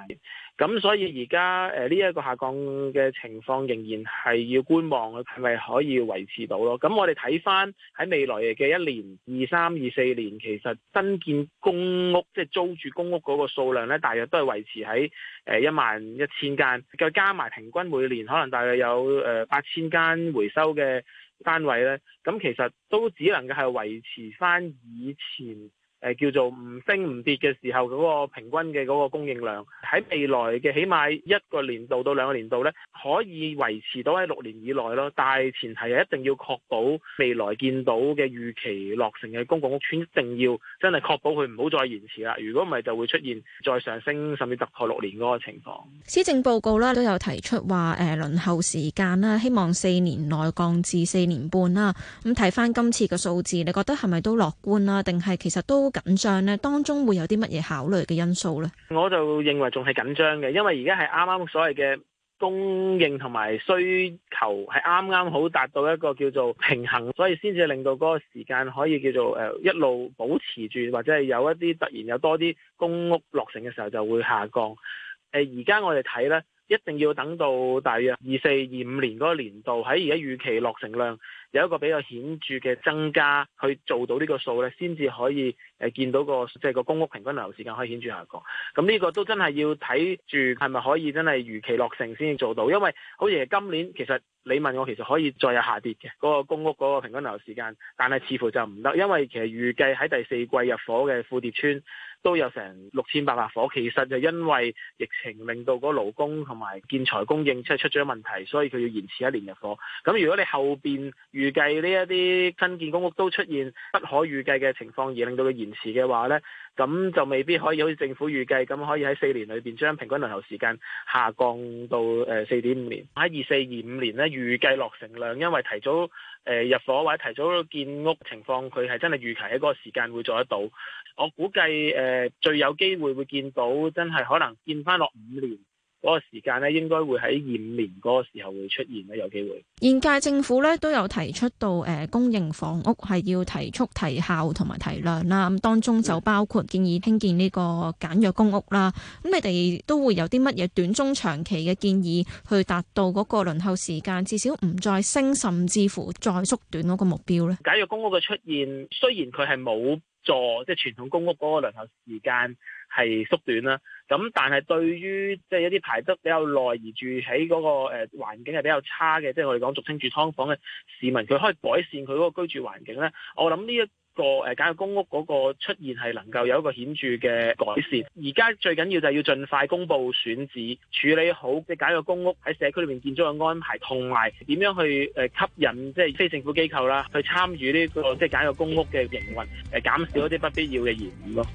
咁所以而家誒呢一個下降嘅情況仍然係要觀望佢係咪可以維持到咯。咁我哋睇翻喺未來嘅一年、二三、二四年，其實新建公屋即係、就是、租住公屋嗰個數量咧，大約都係維持喺誒一萬一千間，再加埋平均每年可能大約有誒八千間回收嘅單位咧，咁其實都只能夠係維持翻以前。誒叫做唔升唔跌嘅時候嗰個平均嘅嗰個供應量，喺未來嘅起碼一個年度到兩個年度咧，可以維持到喺六年以內咯。但係前提係一定要確保未來見到嘅預期落成嘅公共屋邨，一定要真係確保佢唔好再延遲啦。如果唔係，就會出現再上升甚至突破六年嗰個情況。施政報告啦都有提出話誒輪候時間啦，希望四年內降至四年半啦。咁睇翻今次嘅數字，你覺得係咪都樂觀啊定係其實都？緊張咧，當中會有啲乜嘢考慮嘅因素呢？我就認為仲係緊張嘅，因為而家係啱啱所謂嘅供應同埋需求係啱啱好達到一個叫做平衡，所以先至令到嗰個時間可以叫做誒、呃、一路保持住，或者係有一啲突然有多啲公屋落成嘅時候就會下降。誒、呃，而家我哋睇呢。一定要等到大約二四二五年嗰個年度，喺而家預期落成量有一個比較顯著嘅增加，去做到呢個數呢，先至可以誒見到個即係個公屋平均輪候時間可以顯著下降。咁呢個都真係要睇住係咪可以真係如期落成先至做到，因為好似今年其實你問我其實可以再有下跌嘅嗰、嗰個公屋嗰個平均輪候時間，但係似乎就唔得，因為其實預計喺第四季入伙嘅富蝶村，都有成六千八百伙，其實就因為疫情令到個勞工同埋建材供應即出咗問題，所以佢要延遲一年入伙。咁如果你後邊預計呢一啲新建公屋都出現不可預計嘅情況，而令到佢延遲嘅話呢，咁就未必可以好似政府預計咁，可以喺四年裏邊將平均輪候時間下降到誒四點五年。喺二四、二五年呢，預計落成量，因為提早。誒、呃、入伙或者提早建屋情況，佢係真係預期喺個時間會做得到。我估計誒、呃、最有機會會見到真係可能見翻落五年。嗰個時間咧，應該會喺二五年嗰個時候會出現咧，有機會。現屆政府咧都有提出到，誒、呃，供應房屋係要提速、提效同埋提量啦。咁當中就包括建議興建呢個簡約公屋啦。咁你哋都會有啲乜嘢短中長期嘅建議，去達到嗰個輪候時間，至少唔再升，甚至乎再縮短嗰個目標呢。簡約公屋嘅出現，雖然佢係冇助即係傳統公屋嗰個輪候時間係縮短啦，咁但係對於即係一啲排得比較耐而住喺嗰個誒環境係比較差嘅，即係我哋講俗稱住劏房嘅市民，佢可以改善佢嗰個居住環境呢。我諗呢一個誒簡約公屋嗰個出現係能夠有一個顯著嘅改善。而家最緊要就係要盡快公布選址，處理好即係簡約公屋喺社區裏面建築嘅安排，同埋點樣去誒吸引即係非政府機構啦去參與呢個即係簡約公屋嘅營運，誒減少一啲不必要嘅疑慮咯。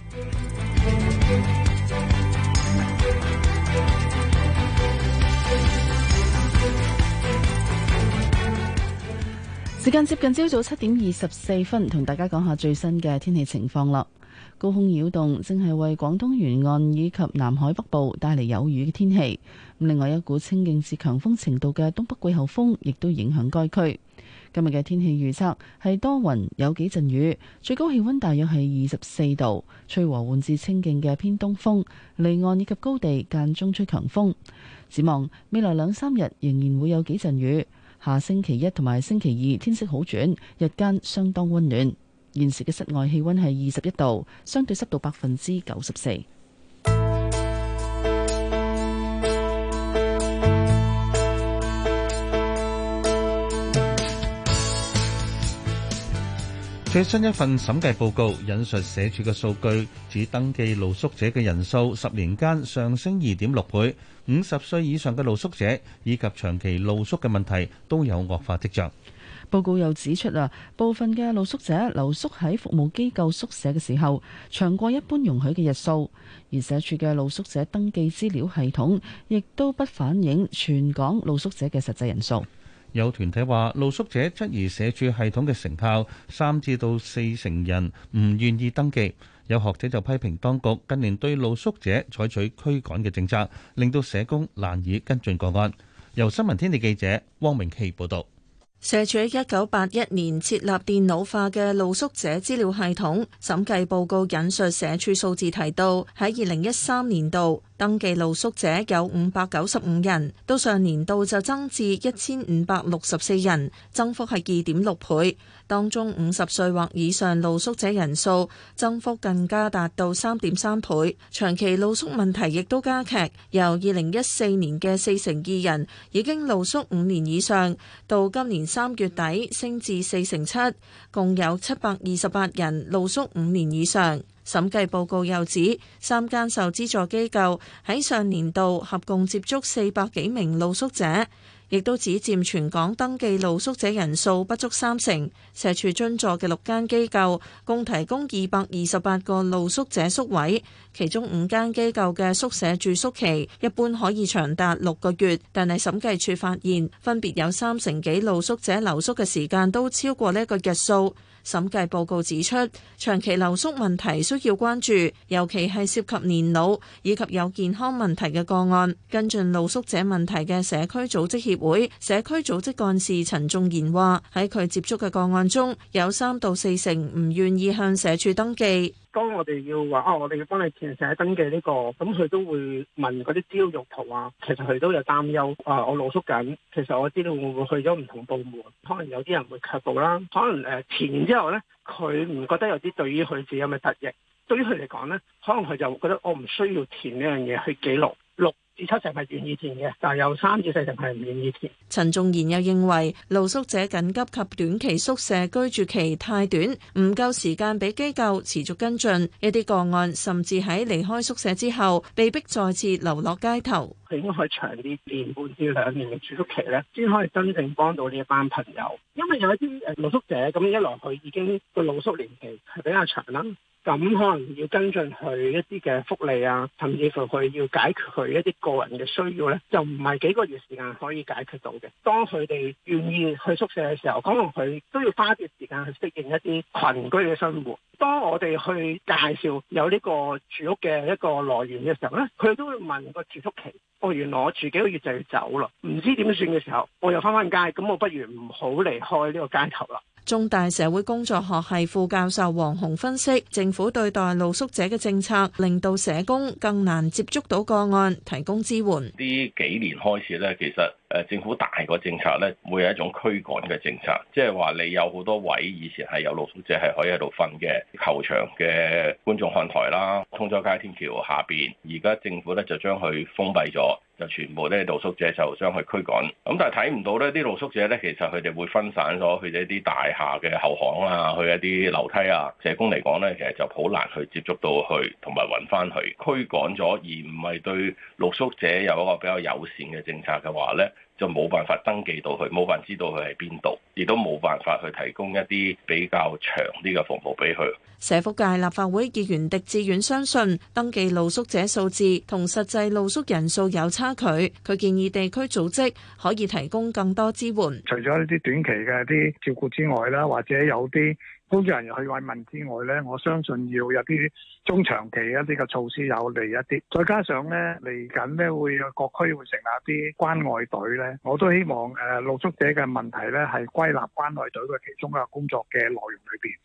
時間接近朝早七點二十四分，同大家講下最新嘅天氣情況啦。高空擾動正係為廣東沿岸以及南海北部帶嚟，有雨嘅天氣。另外一股清勁至強風程度嘅東北季候風，亦都影響該區。今日嘅天氣預測係多雲，有幾陣雨，最高氣溫大約係二十四度，吹和緩至清勁嘅偏東風，離岸以及高地間中吹強風。展望未來兩三日仍然會有幾陣雨，下星期一同埋星期二天色好轉，日間相當溫暖。現時嘅室外氣溫係二十一度，相對濕度百分之九十四。最新一份審計報告引述社署嘅數據，指登記露宿者嘅人數十年間上升二點六倍，五十歲以上嘅露宿者以及長期露宿嘅問題都有惡化跡象。報告又指出啊，部分嘅露宿者留宿喺服務機構宿舍嘅時候，長過一般容許嘅日數，而社署嘅露宿者登記資料系統亦都不反映全港露宿者嘅實際人數。有團體話露宿者質疑社署系統嘅成效，三至到四成人唔願意登記。有學者就批評當局近年對露宿者採取驅趕嘅政策，令到社工難以跟進個案。由新聞天地記者汪明希報導。社署喺一九八一年設立電腦化嘅露宿者資料系統，審計報告引述社署數字提到，喺二零一三年度，登記露宿者有五百九十五人，到上年度就增至一千五百六十四人，增幅係二點六倍。當中五十歲或以上露宿者人數增幅更加達到三點三倍。長期露宿問題亦都加劇，由二零一四年嘅四成二人已經露宿五年以上，到今年三月底升至四成七，共有七百二十八人露宿五年以上。審計報告又指，三間受資助機構喺上年度合共接觸四百幾名露宿者，亦都只佔全港登記露宿者人數不足三成。社署津助嘅六間機構共提供二百二十八個露宿者宿位，其中五間機構嘅宿舍住宿期一般可以長達六個月，但係審計處發現分別有三成幾露宿者留宿嘅時間都超過呢個日數。審計報告指出，長期留宿問題需要關注，尤其係涉及年老以及有健康問題嘅個案。跟進露宿者問題嘅社區組織協會社區組織幹事陳仲賢話：喺佢接觸嘅個案中，有三到四成唔願意向社署登記。當我哋要話哦、啊，我哋要幫你填寫登記呢個，咁佢都會問嗰啲焦肉圖啊。其實佢都有擔憂啊，我露宿緊。其實我知道會唔會去咗唔同部門，可能有啲人會卻步啦。可能誒、呃、填完之後呢，佢唔覺得有啲對於佢自己有咩得益，對於佢嚟講呢，可能佢就覺得我唔需要填呢樣嘢去記錄。二七成係願意見嘅，但係有三至四成係唔願意見。陳仲賢又認為，露宿者緊急及短期宿舍居住期太短，唔夠時間俾機構持續跟進一啲個案，甚至喺離開宿舍之後，被逼再次流落街頭。係應該係長啲，年半至兩年嘅住宿期咧，先可以真正幫到呢一班朋友。因為有一啲誒、露宿者咁，一來佢已經個露宿年期係比較長啦。咁可能要跟進佢一啲嘅福利啊，甚至乎佢要解決佢一啲個人嘅需要呢，就唔係幾個月時間可以解決到嘅。當佢哋願意去宿舍嘅時候，可能佢都要花啲時間去適應一啲群居嘅生活。當我哋去介紹有呢個住屋嘅一個來源嘅時候呢，佢都會問個住宿期。哦，原來我住幾個月就要走啦，唔知點算嘅時候，我又翻返街，咁我不如唔好離開呢個街頭啦。中大社會工作學系副教授黃洪分析，政府對待露宿者嘅政策，令到社工更難接觸到個案，提供支援。呢幾年開始咧，其實誒政府大個政策咧，會有一種驅趕嘅政策，即係話你有好多位以前係有露宿者係可以喺度瞓嘅球場嘅觀眾看台啦，通州街天橋下邊，而家政府咧就將佢封閉咗，就全部咧露宿者就將佢驅趕。咁但係睇唔到呢啲露宿者咧其實佢哋會分散咗佢哋一啲大廈嘅後巷啊，去一啲樓梯啊。社工嚟講咧，其實就好難去接觸到去，同埋揾翻佢。驅趕咗，而唔係對露宿者有一個比較友善嘅政策嘅話咧。就冇辦法登記到佢，冇辦法知道佢喺邊度，亦都冇辦法去提供一啲比較長啲嘅服務俾佢。社福界立法會議員狄志遠相信，登記露宿者數字同實際露宿人數有差距，佢建議地區組織可以提供更多支援。除咗呢啲短期嘅啲照顧之外啦，或者有啲。工作人員去慰問，問之外呢，我相信要有啲中長期一啲嘅措施有利一啲，再加上呢，嚟緊呢會有各區會成立一啲關愛隊呢，我都希望誒、呃、露宿者嘅問題呢係歸納關愛隊嘅其中一個工作嘅內容裏邊，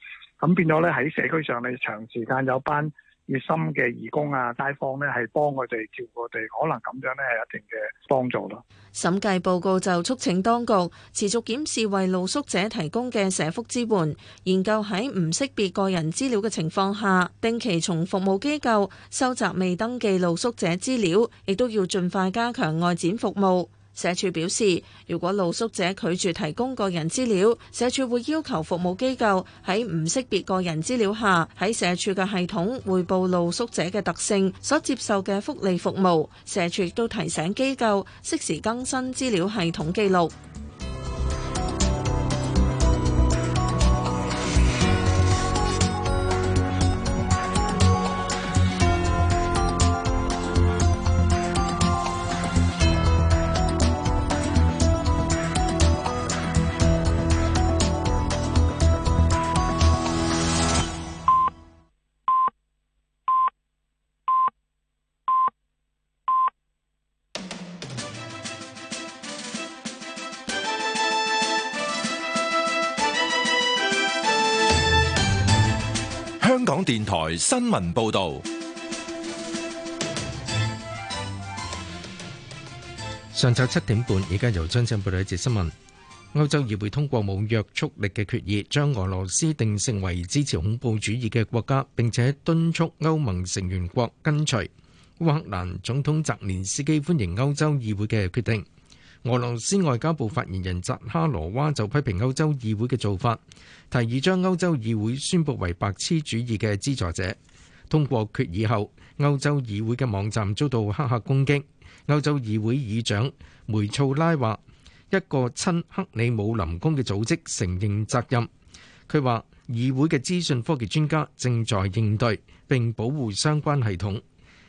咁變咗呢，喺社區上你長時間有班。熱心嘅義工啊，街坊呢係幫佢哋照顧佢哋，可能咁樣呢係一定嘅幫助咯。審計報告就促請當局持續檢視為露宿者提供嘅社福支援，研究喺唔識別個人資料嘅情況下，定期從服務機構收集未登記露宿者資料，亦都要盡快加強外展服務。社署表示，如果露宿者拒絕提供個人資料，社署會要求服務機構喺唔識別個人資料下，喺社署嘅系統匯報露宿者嘅特性、所接受嘅福利服務。社署亦都提醒機構，適時更新資料系統記錄。電台新聞報道：上晝七點半，而家由張政報道一節新聞。歐洲議會通過冇約束力嘅決議，將俄羅斯定性為支持恐怖主義嘅國家，並且敦促歐盟成員國跟隨。烏克蘭總統澤連斯基歡迎歐洲議會嘅決定。俄羅斯外交部發言人扎哈羅娃就批評歐洲議會嘅做法，提議將歐洲議會宣佈為白痴主義嘅資助者。通過決議後，歐洲議會嘅網站遭到黑客攻擊。歐洲議會議長梅措拉話：一個親克里姆林宮嘅組織承認責任。佢話議會嘅資訊科技專家正在應對並保護相關系統。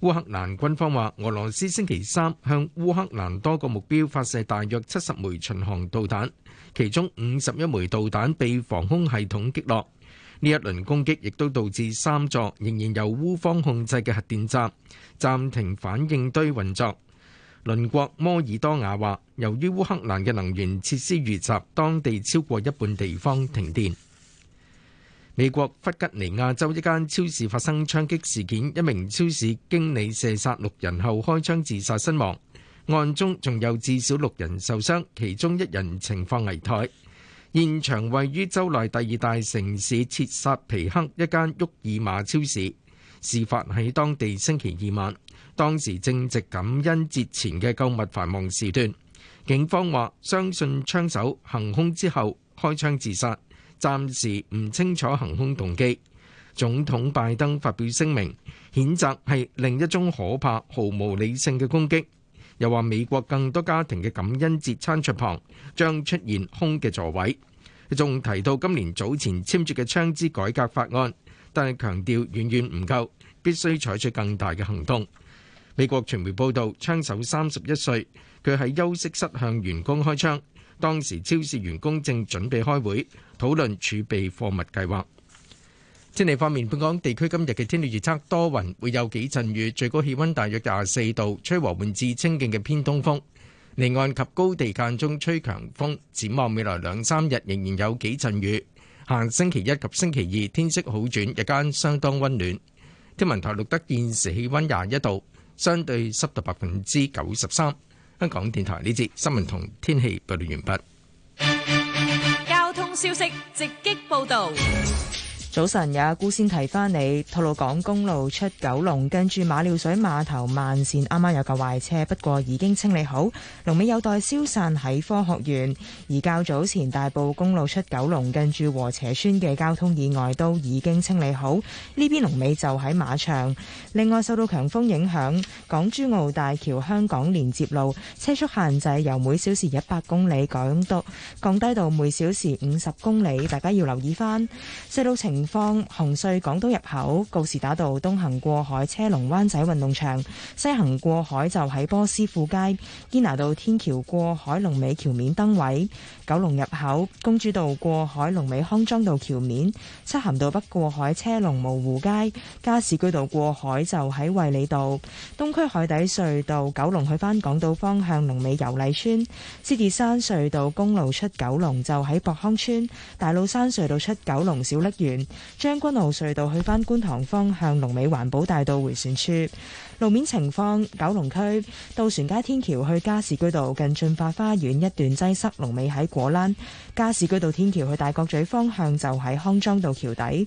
烏克蘭軍方話，俄羅斯星期三向烏克蘭多個目標發射大約七十枚巡航導彈，其中五十一枚導彈被防空系統擊落。呢一輪攻擊亦都導致三座仍然由烏方控制嘅核電站暫停反應堆運作。鄰國摩爾多瓦話，由於烏克蘭嘅能源設施遇襲，當地超過一半地方停電。美國弗吉尼亞州一間超市發生槍擊事件，一名超市經理射殺六人後開槍自殺身亡，案中仲有至少六人受傷，其中一人情況危殆。現場位於州內第二大城市切薩皮克一間沃爾瑪超市，事發喺當地星期二晚，當時正值感恩節前嘅購物繁忙時段。警方話相信槍手行凶之後開槍自殺。暫時唔清楚行兇動機。總統拜登發表聲明，譴責係另一宗可怕、毫無理性嘅攻擊，又話美國更多家庭嘅感恩節餐桌旁將出現空嘅座位。佢仲提到今年早前簽署嘅槍支改革法案，但係強調遠遠唔夠，必須採取更大嘅行動。美國傳媒報道，槍手三十一歲，佢喺休息室向員工開槍。當時超市員工正準備開會討論儲備貨物計劃。天氣方面，本港地區今日嘅天氣預測多雲，會有幾陣雨，最高氣温大約廿四度，吹和緩至清勁嘅偏東風。離岸及高地間中吹強風。展望未來兩三日仍然有幾陣雨。下星期一及星期二天色好轉，日間相當温暖。天文台錄得現時氣温廿一度，相對濕度百分之九十三。香港電台呢節新聞同天氣報道完畢。交通消息直擊報道。早晨，有阿姑先提翻你，吐露港公路出九龍，跟住馬料水碼頭慢線，啱啱有嚿壞車，不過已經清理好，龍尾有待消散喺科學園。而較早前大埔公路出九龍，跟住和斜村嘅交通意外，都已經清理好，呢邊龍尾就喺馬場。另外，受到強風影響，港珠澳大橋香港連接路車速限制由每小時一百公里降到降低到每小時五十公里，大家要留意翻細路情。方紅隧港島入口，告士打道東行過海車龍灣仔運動場，西行過海就喺波斯富街，堅拿道天橋過海龍尾橋面燈位。九龍入口，公主道過海，龍尾康莊道橋面；漆咸道北過海，車龍蕪湖街；加士居道過海就喺衛理道。東區海底隧道九龍去返港島方向，龍尾油麗村；獅子山隧道公路出九龍就喺博康村；大老山隧道出九龍小瀝源；將軍澳隧道去返觀塘方向，龍尾環保大道回旋處。路面情況，九龍區渡船街天橋去加士居道近駿發花園一段擠塞，龍尾喺果欄；加士居道天橋去大角咀方向就喺康莊道橋底。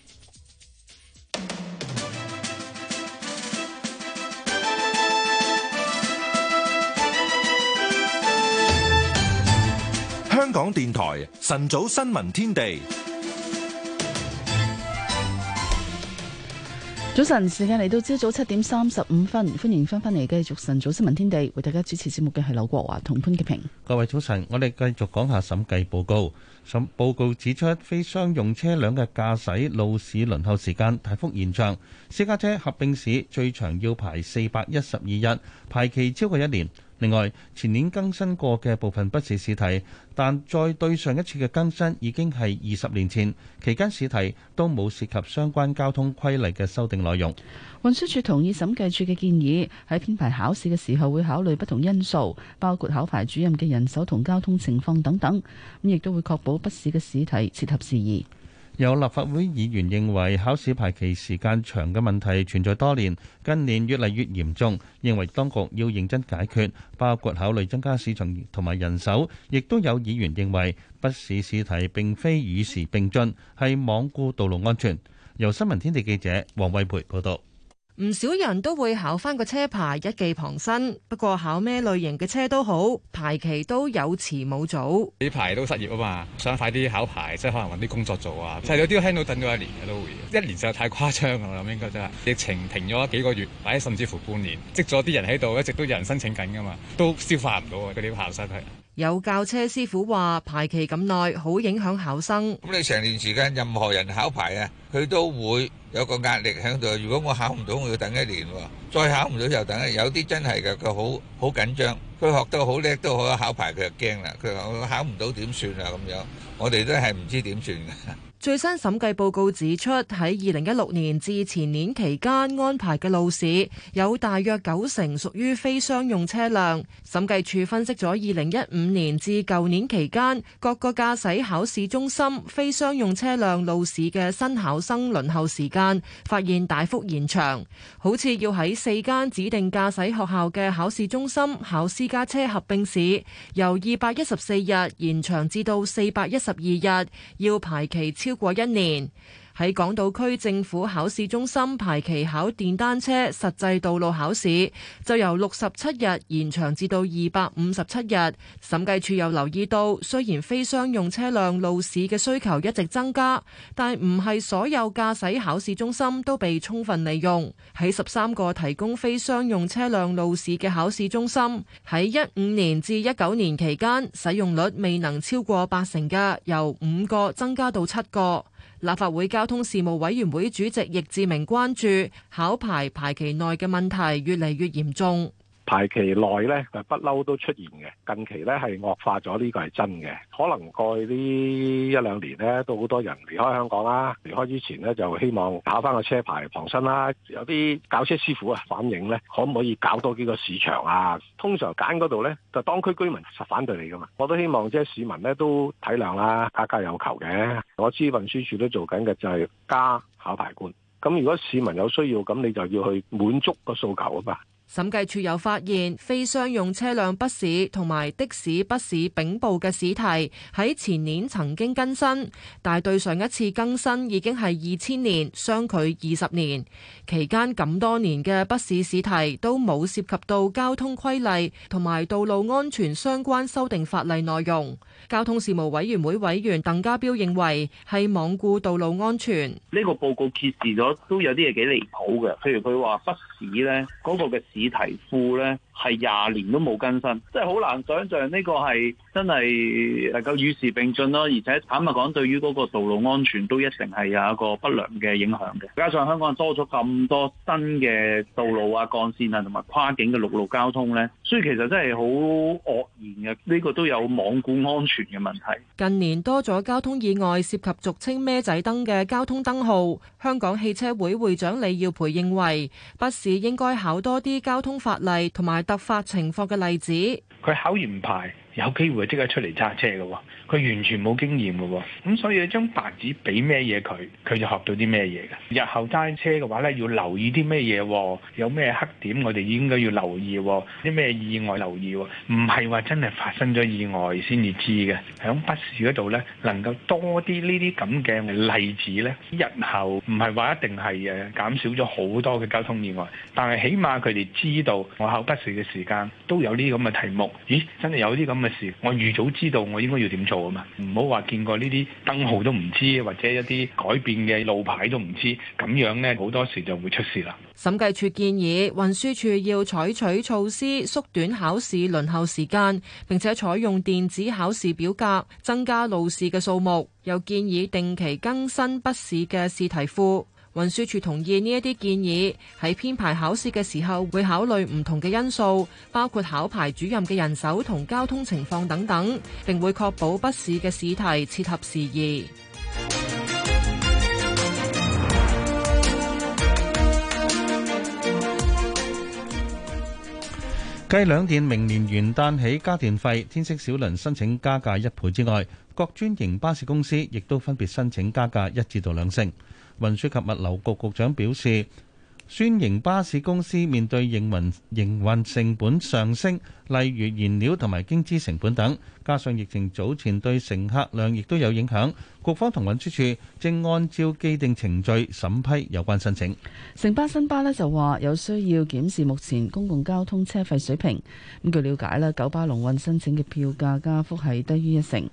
香港電台晨早新聞天地，早晨，時間嚟到朝早七點三十五分，歡迎翻返嚟，繼續晨早新聞天地，為大家主持節目嘅係劉國華同潘潔平。各位早晨，我哋繼續講下審計報告，審報告指出，非商用車輛嘅駕駛路試輪候時間大幅延長，私家車合併試最長要排四百一十二日，排期超過一年。另外，前年更新過嘅部分筆試試題，但再對上一次嘅更新已經係二十年前，期間試題都冇涉及相關交通規例嘅修訂內容。運輸署同意審計署嘅建議，喺編排考試嘅時候會考慮不同因素，包括考牌主任嘅人手同交通情況等等，咁亦都會確保筆試嘅試題切合時宜。有立法會議員認為考試排期時間長嘅問題存在多年，近年越嚟越嚴重，認為當局要認真解決，包括考慮增加市場同埋人手。亦都有議員認為筆試試題並非與時並進，係罔顧道路安全。由新聞天地記者黃慧培報道。唔少人都會考翻個車牌一技傍身，不過考咩類型嘅車都好，排期都有遲冇早。呢排都失業啊嘛，想快啲考牌，即係可能揾啲工作做啊。就係有啲聽到等咗一年嘅都會，一年就太誇張啦。我諗應該真係疫情停咗幾個月，或者甚至乎半年，積咗啲人喺度，一直都有人申請緊噶嘛，都消化唔到啊。嗰啲考生係。有教車師傅話排期咁耐，好影響考生。咁你成年時間任何人考牌啊，佢都會有個壓力喺度。如果我考唔到，我要等一年；再考唔到又等一年。有啲真係嘅，佢好好緊張。佢學得好叻都好，考牌佢就驚啦。佢話我考唔到點算啊？咁樣我哋都係唔知點算嘅。最新審計報告指出，喺二零一六年至前年期間安排嘅路試，有大約九成屬於非商用車輛。審計處分析咗二零一五年至舊年期間各個駕駛考試中心非商用車輛路試嘅新考生輪候時間，發現大幅延長，好似要喺四間指定駕駛學校嘅考試中心考私家車合併試，由二百一十四日延長至到四百一十二日，要排期超。超過一年。喺港島區政府考試中心排期考電單車實際道路考試，就由六十七日延長至到二百五十七日。審計署又留意到，雖然非商用車輛路試嘅需求一直增加，但唔係所有駕駛考試中心都被充分利用。喺十三個提供非商用車輛路試嘅考試中心，喺一五年至一九年期間，使用率未能超過八成嘅，由五個增加到七個。立法會交通事務委員會主席易志明關注考牌排排期內嘅問題越嚟越嚴重。排期內咧，不嬲都出現嘅。近期咧係惡化咗，呢、這個係真嘅。可能過去呢一兩年咧，都好多人離開香港啦。離開之前咧，就希望考返個車牌傍身啦。有啲教車師傅啊，反映咧，可唔可以搞多幾個市場啊？通常揀嗰度咧，就當區居民實反對你㗎嘛。我都希望即係市民咧都體諒啦，家家有求嘅。我知運輸署都做緊嘅，就係、是、加考牌官。咁如果市民有需要，咁你就要去滿足個訴求啊嘛。審計處又發現非商用車輛筆試同埋的士筆試丙部嘅試題喺前年曾經更新，但對上一次更新已經係二千年，相距二十年，期間咁多年嘅筆試試題都冇涉及到交通規例同埋道路安全相關修訂法例內容。交通事務委員會委員鄧家彪認為係罔顧道路安全。呢個報告揭示咗都有啲嘢幾離譜嘅，譬如佢話筆試呢嗰、那個嘅試題庫呢。係廿年都冇更新，即係好難想像呢個係真係能夠與時並進咯。而且坦白講，對於嗰個道路安全都一定係有一個不良嘅影響嘅。加上香港多咗咁多新嘅道路啊、幹線啊，同埋跨境嘅陸路交通呢，所以其實真係好愕然嘅。呢個都有罔顧安全嘅問題。近年多咗交通意外涉及俗稱咩仔燈嘅交通燈號，香港汽車會會長李耀培認為，駕士應該考多啲交通法例同埋突發情況嘅例子，佢考完唔牌，有機會即刻出嚟揸車嘅喎，佢完全冇經驗嘅喎、哦，咁所以你張白紙俾咩嘢佢，佢就學到啲咩嘢嘅。日後揸車嘅話呢，要留意啲咩嘢？有咩黑點，我哋應該要留意，哦，啲咩意外留意、哦，唔係話真係發生咗意外先至知嘅。響筆試嗰度呢，能夠多啲呢啲咁嘅例子呢。日後唔係話一定係誒減少咗好多嘅交通意外，但係起碼佢哋知道我考筆試嘅時間都有啲咁嘅題目。咦，真係有啲咁嘅。我預早知道，我應該要點做啊嘛，唔好話見過呢啲燈號都唔知，或者一啲改變嘅路牌都唔知，咁樣呢，好多時就會出事啦。審計處建議運輸處要採取措施縮短考試輪候時間，並且採用電子考試表格，增加路試嘅數目，又建議定期更新筆試嘅試題庫。運輸處同意呢一啲建議，喺編排考試嘅時候會考慮唔同嘅因素，包括考牌主任嘅人手同交通情況等等，並會確保筆試嘅試題切合時宜。繼兩電明年元旦起加電費，天色小輪申請加價一倍之外，各專營巴士公司亦都分別申請加價一至到兩成。運輸及物流局局長表示，專營巴士公司面對營運營運成本上升，例如燃料同埋經資成本等。加上疫情早前對乘客量亦都有影響，局方同運輸署正按照既定程序審批有關申請，城巴新巴咧就話有需要檢視目前公共交通車費水平。咁據了解咧，九巴龍運申請嘅票價加幅係低於一成。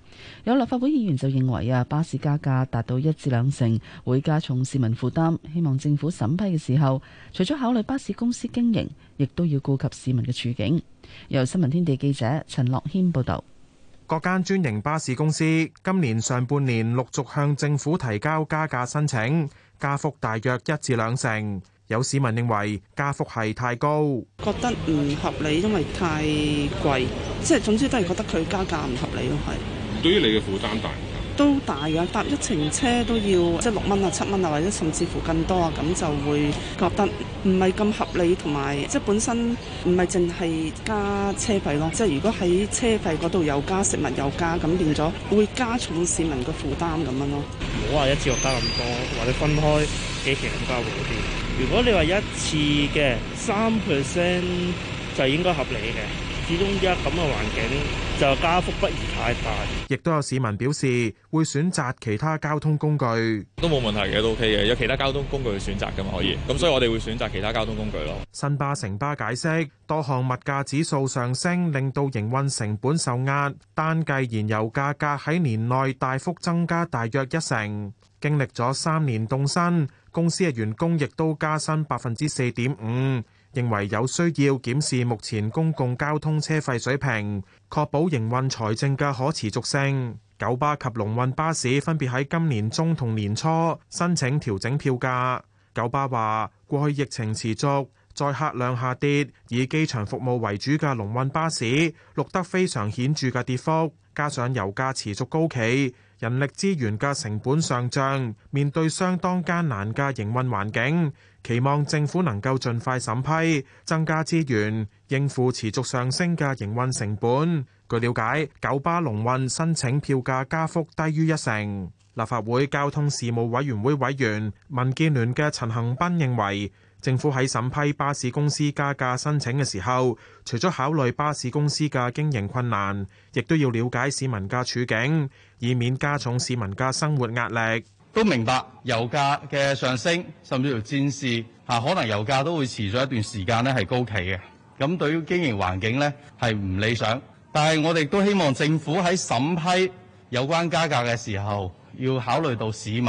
有立法會議員就認為啊，巴士加價達到一至兩成會加重市民負擔，希望政府審批嘅時候，除咗考慮巴士公司經營，亦都要顧及市民嘅處境。由新聞天地記者陳樂謙報道。各間專營巴士公司今年上半年陸續向政府提交加價申請，加幅大約一至兩成。有市民認為加幅係太高，覺得唔合理，因為太貴，即係總之都係覺得佢加價唔合理咯。係，對於你嘅負擔大。都大約搭一程車都要即係六蚊啊、七蚊啊，或者甚至乎更多啊，咁就會覺得唔係咁合理，同埋即係本身唔係淨係加車費咯，即係如果喺車費嗰度又加食物又加，咁變咗會加重市民嘅負擔咁樣咯。唔好話一次又加咁多，或者分開幾期加會好啲。如果你話一次嘅三 percent 就應該合理嘅。始終依家咁嘅環境，就加幅不宜太快。亦都有市民表示會選擇其他交通工具，都冇問題嘅，都 OK 嘅，有其他交通工具選擇噶嘛，可以。咁所以我哋會選擇其他交通工具咯。新巴城巴解釋，多項物價指數上升，令到營運成本受壓。單計燃油價格喺年內大幅增加大約一成，經歷咗三年凍薪，公司嘅員工亦都加薪百分之四點五。認為有需要檢視目前公共交通車費水平，確保營運財政嘅可持續性。九巴及龍運巴士分別喺今年中同年初申請調整票價。九巴話，過去疫情持續，載客量下跌，以機場服務為主嘅龍運巴士錄得非常顯著嘅跌幅，加上油價持續高企。人力資源嘅成本上漲，面對相當艱難嘅營運環境，期望政府能夠盡快審批，增加資源，應付持續上升嘅營運成本。據了解，九巴龍運申請票價加幅低於一成。立法會交通事務委員會委員民建聯嘅陳恒鑌認為。政府喺審批巴士公司加價申請嘅時候，除咗考慮巴士公司嘅經營困難，亦都要了解市民嘅處境，以免加重市民嘅生活壓力。都明白油價嘅上升，甚至乎戰事嚇、啊，可能油價都會持續一段時間咧係高企嘅。咁對於經營環境咧係唔理想，但係我哋都希望政府喺審批有關加價嘅時候，要考慮到市民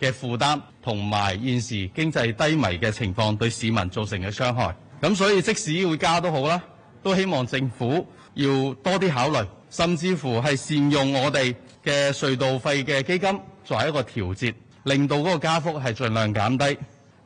嘅負擔。同埋現時經濟低迷嘅情況對市民造成嘅傷害，咁所以即使要加都好啦，都希望政府要多啲考慮，甚至乎係善用我哋嘅隧道費嘅基金作為一個調節，令到嗰個加幅係盡量減低。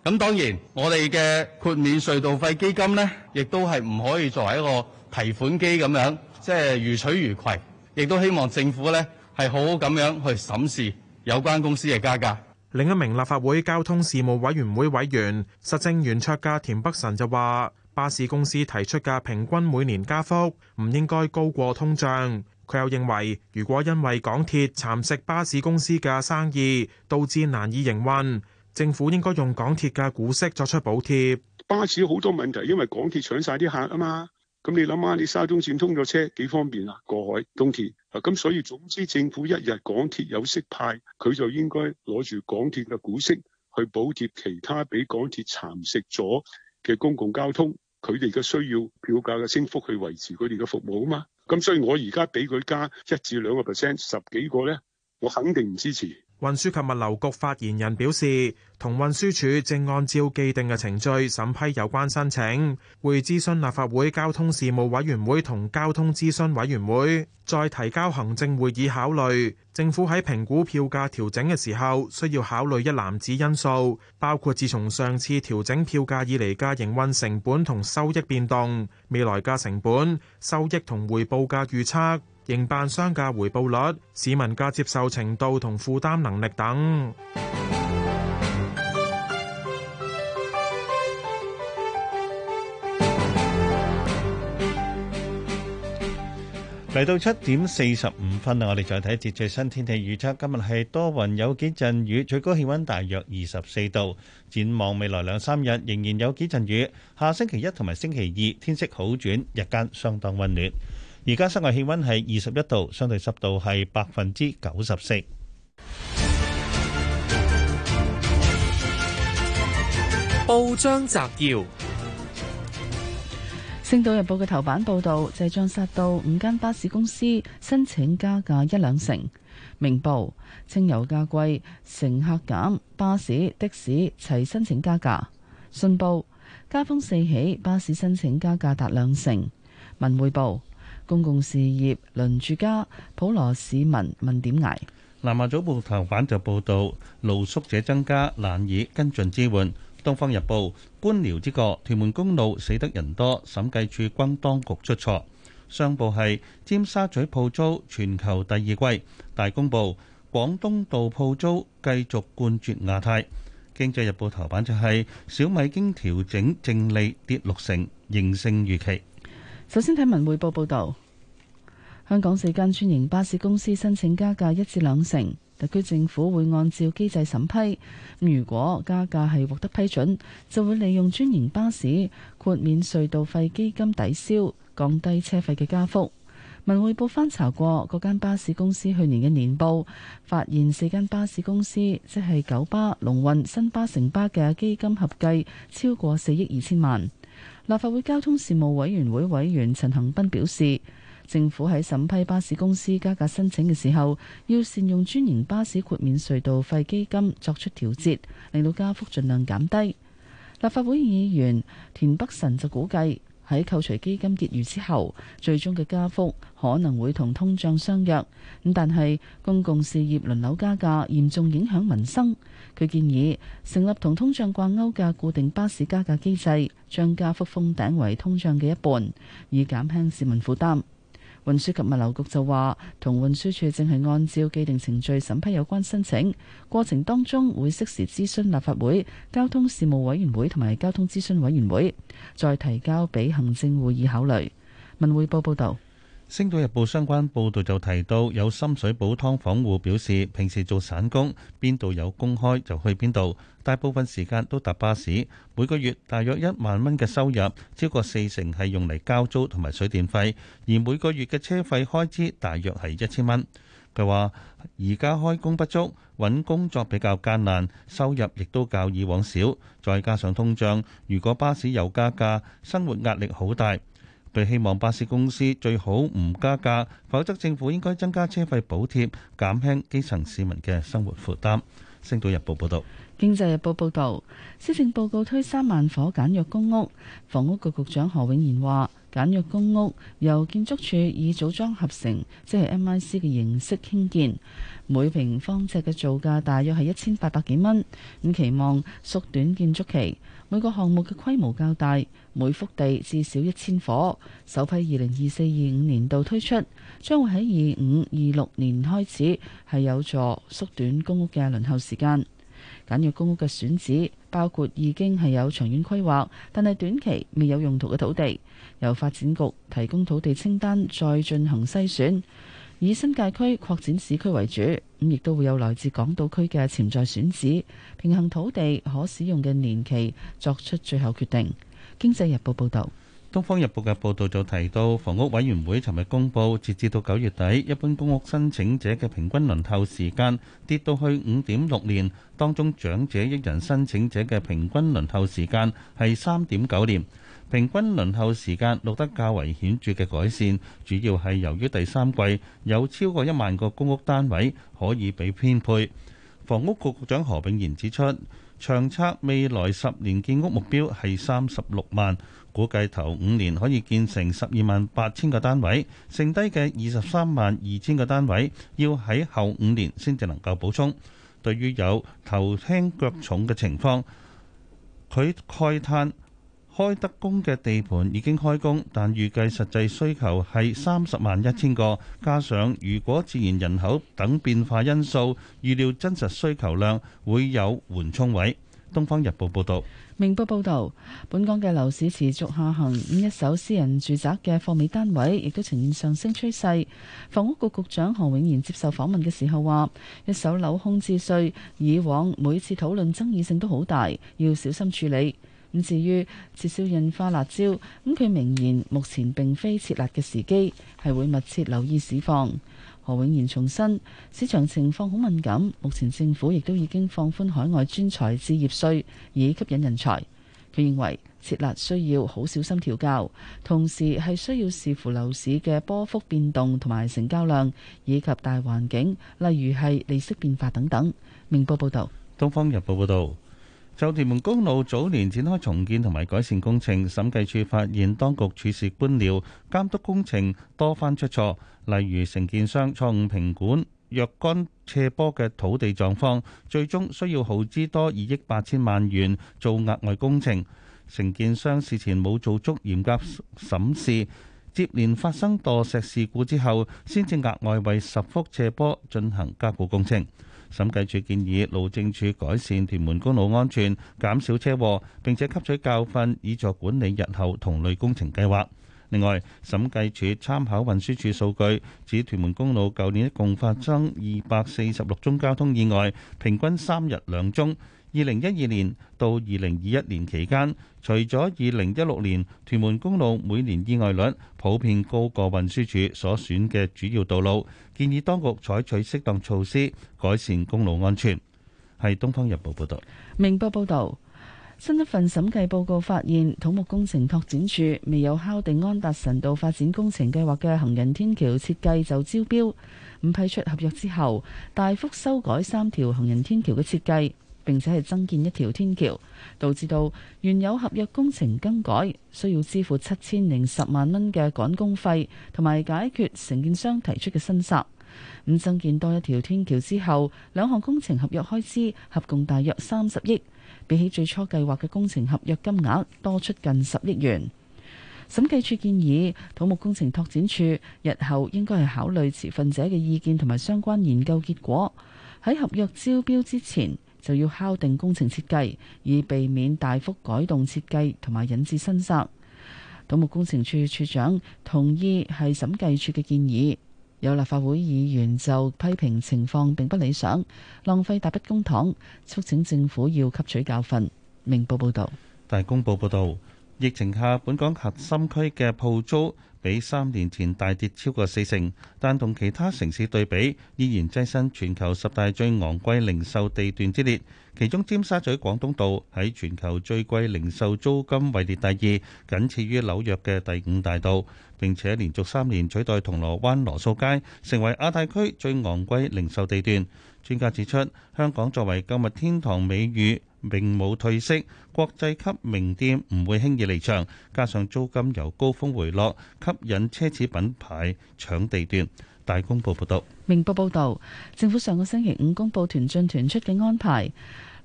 咁當然我哋嘅豁免隧道費基金咧，亦都係唔可以作為一個提款機咁樣，即係如取如攜。亦都希望政府咧係好好咁樣去審視有關公司嘅加價。另一名立法會交通事務委員會委員、實政圓桌嘅田北辰就話：巴士公司提出嘅平均每年加幅唔應該高過通脹。佢又認為，如果因為港鐵蠶食巴士公司嘅生意，導致難以營運，政府應該用港鐵嘅股息作出補貼。巴士好多問題，因為港鐵搶晒啲客啊嘛。咁你諗下，你沙中線通咗車幾方便啊？過海，東鐵啊，咁所以總之政府一日港鐵有息派，佢就應該攞住港鐵嘅股息去補貼其他俾港鐵蠶食咗嘅公共交通，佢哋嘅需要票價嘅升幅去維持佢哋嘅服務啊嘛。咁所以我而家俾佢加一至兩個 percent，十幾個咧，我肯定唔支持。運輸及物流局發言人表示，同運輸署正按照既定嘅程序審批有關申請，會諮詢立法會交通事務委員會同交通諮詢委員會，再提交行政會議考慮。政府喺評估票價調整嘅時候，需要考慮一籃子因素，包括自從上次調整票價以嚟嘅營運成本同收益變動、未來嘅成本、收益同回報嘅預測。營辦商嘅回報率、市民嘅接受程度同負擔能力等。嚟到七點四十五分啊！我哋再睇一節最新天氣預測。今日係多雲有幾陣雨，最高氣温大約二十四度。展望未來兩三日仍然有幾陣雨。下星期一同埋星期二天色好轉，日間相當温暖。而家室外氣溫係二十一度，相對濕度係百分之九十四。報章摘要，《星島日報》嘅頭版報導，就將殺到五間巴士公司申請加價一兩成。《明報》稱油價貴，乘客減，巴士、的士齊申請加價。《信報》加風，四起，巴士申請加價達兩成。《文匯報》公共事業鄰住家普羅市民問點捱？南華早報頭版就報道露宿者增加，難以跟進支援。《東方日報》官僚之過，屯門公路死得人多，審計處轟當局出錯。商報係，尖沙咀鋪租全球第二貴大公布，廣東道鋪租繼續冠絕亞太。《經濟日報》頭版就係小米經調整淨利跌六成，仍勝預期。首先睇文匯報報道，香港四間專營巴士公司申請加價一至兩成，特區政府會按照機制審批。如果加價係獲得批准，就會利用專營巴士豁免隧道費基金抵消，降低車費嘅加幅。文匯報翻查過嗰間巴士公司去年嘅年報，發現四間巴士公司即係九巴、龍運、新巴、城巴嘅基金合計超過四億二千萬。立法會交通事務委員會委員陳恒鑌表示，政府喺審批巴士公司加價申請嘅時候，要善用專營巴士豁免隧道費基金作出調節，令到加幅盡量減低。立法會議員田北辰就估計。喺扣除基金結餘之後，最終嘅加幅可能會同通脹相若。咁但係公共事業輪流加價，嚴重影響民生。佢建議成立同通脹掛鈎嘅固定巴士加價機制，將加幅封頂為通脹嘅一半，以減輕市民負擔。運輸及物流局就話，同運輸處正係按照既定程序審批有關申請，過程當中會適時諮詢立法會、交通事務委員會同埋交通諮詢委員會，再提交俾行政會議考慮。文匯報報道。《星島日報》相關報導就提到，有深水埗劏房戶表示，平時做散工，邊度有工開就去邊度，大部分時間都搭巴士，每個月大約一萬蚊嘅收入，超過四成係用嚟交租同埋水電費，而每個月嘅車費開支大約係一千蚊。佢話：而家開工不足，揾工作比較艱難，收入亦都較以往少，再加上通脹，如果巴士有加價，生活壓力好大。佢希望巴士公司最好唔加價，否則政府應該增加車費補貼，減輕基層市民嘅生活負擔。星島日報報道，經濟日報報道，施政報告推三萬伙簡約公屋，房屋局局長何永賢話，簡約公屋由建築處以組裝合成，即係 M I C 嘅形式興建，每平方尺嘅造價大約係一千八百幾蚊。咁期望縮短建築期。每個項目嘅規模較大，每幅地至少一千伙。首批二零二四、二五年度推出，將會喺二五、二六年開始，係有助縮短公屋嘅輪候時間。簡約公屋嘅選址包括已經係有長遠規劃，但係短期未有用途嘅土地，由發展局提供土地清單，再進行篩選。以新界區擴展市區為主，咁亦都會有來自港島區嘅潛在選址，平衡土地可使用嘅年期，作出最後決定。經濟日報報道，東方日報嘅報導就提到，房屋委員會尋日公布，截至到九月底，一般公屋申請者嘅平均輪候時間跌到去五點六年，當中長者一人申請者嘅平均輪候時間係三點九年。平均輪候時間錄得較為顯著嘅改善，主要係由於第三季有超過一萬個公屋單位可以被編配。房屋局局長何永賢指出，長策未來十年建屋目標係三十六萬，估計頭五年可以建成十二萬八千個單位，剩低嘅二十三萬二千個單位要喺後五年先至能夠補充。對於有頭輕腳重嘅情況，佢慨嘆。開得工嘅地盤已經開工，但預計實際需求係三十萬一千個，加上如果自然人口等變化因素，預料真實需求量會有緩衝位。《東方日報》報道。《明報》報道，本港嘅樓市持續下行，一手私人住宅嘅貨尾單位亦都呈現上升趨勢。房屋局局長何永賢接受訪問嘅時候話：一手樓空置稅以往每次討論爭議性都好大，要小心處理。咁至於撤銷印花辣招，咁佢明言目前並非撤辣嘅時機，係會密切留意市況。何永賢重申市場情況好敏感，目前政府亦都已經放寬海外專才置業稅，以吸引人才。佢認為撤辣需要好小心調校，同時係需要視乎樓市嘅波幅變動同埋成交量，以及大環境，例如係利息變化等等。明報報道。《東方日報》報導。就屯門公路早年展開重建同埋改善工程，審計處發現當局處事官僚，監督工程多番出錯，例如承建商錯誤評估若干斜坡嘅土地狀況，最終需要耗資多二億八千萬元做額外工程。承建商事前冇做足嚴格審視，接連發生墮石事故之後，先至額外為十幅斜坡進行加固工程。審計署建議路政署改善屯門公路安全，減少車禍，並且吸取教訓，以助管理日後同類工程計劃。另外，審計署參考運輸署數據，指屯門公路舊年一共發生二百四十六宗交通意外，平均三日兩宗。二零一二年到二零二一年期間，除咗二零一六年，屯門公路每年意外率普遍高過運輸署所選嘅主要道路，建議當局採取適當措施改善公路安全。係《東方日報》報道，《明報》報道，新一份審計報告發現，土木工程拓展署未有敲定安達臣道發展工程計劃嘅行人天橋設計就招標，唔批出合約之後，大幅修改三條行人天橋嘅設計。並且係增建一條天橋，導致到原有合約工程更改，需要支付七千零十萬蚊嘅趕工費，同埋解決承建商提出嘅新設咁增建多一條天橋之後，兩項工程合約開支合共大約三十億，比起最初計劃嘅工程合約金額多出近十億元。審計署建議土木工程拓展署日後應該係考慮持份者嘅意見同埋相關研究結果喺合約招標之前。就要敲定工程設計，以避免大幅改動設計同埋引致申索。土木工程署署長同意係審計處嘅建議。有立法會議員就批評情況並不理想，浪費大筆公帑，促請政府要吸取教訓。明報報道，大公報報道，疫情下本港核心區嘅鋪租。比三年前大跌超過四成，但同其他城市對比，依然躋身全球十大最昂貴零售地段之列。其中，尖沙咀廣東道喺全球最貴零售租金位列第二，僅次於紐約嘅第五大道。並且連續三年取代銅鑼灣羅素街，成為亞太區最昂貴零售地段。專家指出，香港作為購物天堂，美譽。明冇退色，國際級名店唔會輕易離場，加上租金由高峰回落，吸引奢侈品牌搶地段。大公報報道。明報報道，政府上個星期五公布團進團出嘅安排。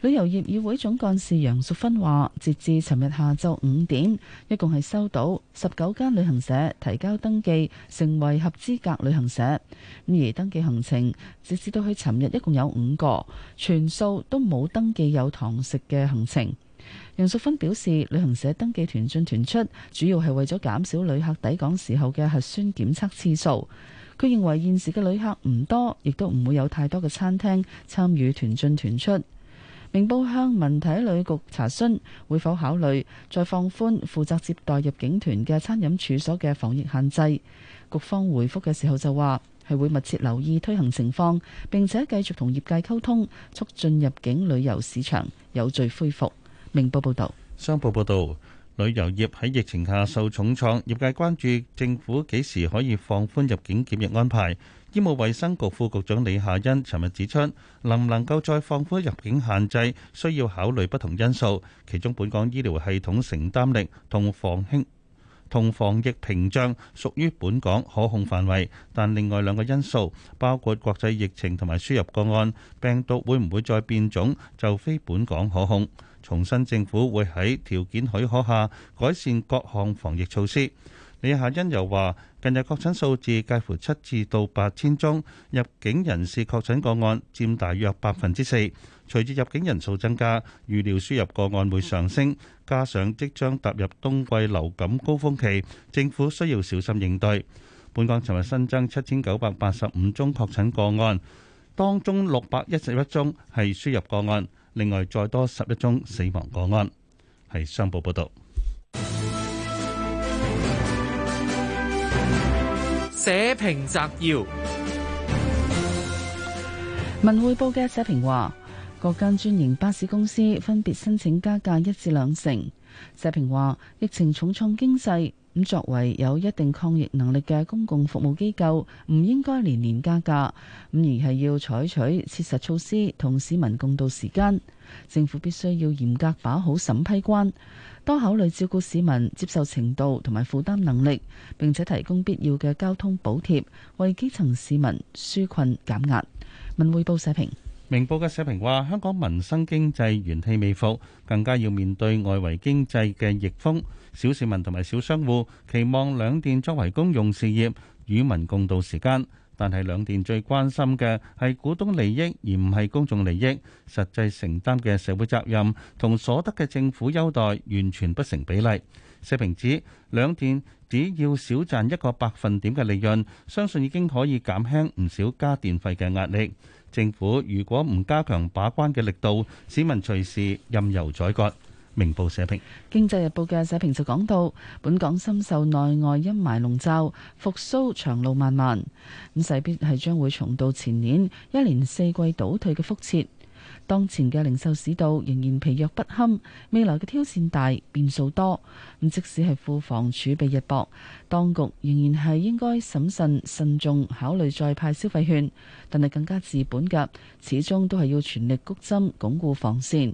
旅遊業議會總幹事楊淑芬話，截至尋日下晝五點，一共係收到十九間旅行社提交登記，成為合資格旅行社。而登記行程，截至到去尋日，一共有五個，全數都冇登記有堂食嘅行程。楊淑芬表示，旅行社登記團進團出，主要係為咗減少旅客抵港時候嘅核酸檢測次數。佢認為現時嘅旅客唔多，亦都唔會有太多嘅餐廳參與團進團出。明報向文體旅局查詢，會否考慮再放寬負責接待入境團嘅餐飲處所嘅防疫限制？局方回覆嘅時候就話，係會密切留意推行情況，並且繼續同業界溝通，促進入境旅遊市場有序恢復。明報報導。商報報導，旅遊業喺疫情下受重創，業界關注政府幾時可以放寬入境檢疫安排。醫務衛生局副局長李夏茵尋日指出，能唔能夠再放寬入境限制，需要考慮不同因素。其中，本港醫療系統承擔力同防輕同防疫屏障屬於本港可控範圍，但另外兩個因素包括國際疫情同埋輸入個案，病毒會唔會再變種就非本港可控。重申政府會喺條件許可下改善各項防疫措施。李夏茵又話，近日確診數字介乎七至到八千宗，入境人士確診個案佔大約百分之四。隨着入境人數增加，預料輸入個案會上升，加上即將踏入冬季流感高峯期，政府需要小心應對。本港尋日新增七千九百八十五宗確診個案，當中六百一十一宗係輸入個案，另外再多十一宗死亡個案。係商報報道。社評摘要：文匯報嘅社評話，各間專營巴士公司分別申請加價一至兩成。社評話，疫情重創經濟，咁作為有一定抗疫能力嘅公共服務機構該連連，唔應該年年加價，咁而係要採取切實措施同市民共度時間。政府必須要嚴格把好審批關。多考慮照顧市民接受程度同埋負擔能力，並且提供必要嘅交通補貼，為基層市民紓困減壓。文匯報社評。明報嘅社評話：香港民生經濟元氣未復，更加要面對外圍經濟嘅逆風。小市民同埋小商戶期望兩電作為公用事業，與民共度時間。但係兩電最關心嘅係股東利益，而唔係公眾利益，實際承擔嘅社會責任同所得嘅政府優待完全不成比例。社評指兩電只要少賺一個百分點嘅利潤，相信已經可以減輕唔少加電費嘅壓力。政府如果唔加強把關嘅力度，市民隨時任由宰割。明報社評，《經濟日報》嘅社評就講到，本港深受內外陰霾籠罩，復甦長路漫漫，咁勢必係將會重蹈前年一年四季倒退嘅覆轍。當前嘅零售市道仍然疲弱不堪，未來嘅挑戰大，變數多。咁即使係庫房儲備日薄，當局仍然係應該審慎，慎慎重考慮再派消費券，但係更加治本嘅，始終都係要全力谷針，鞏固防線。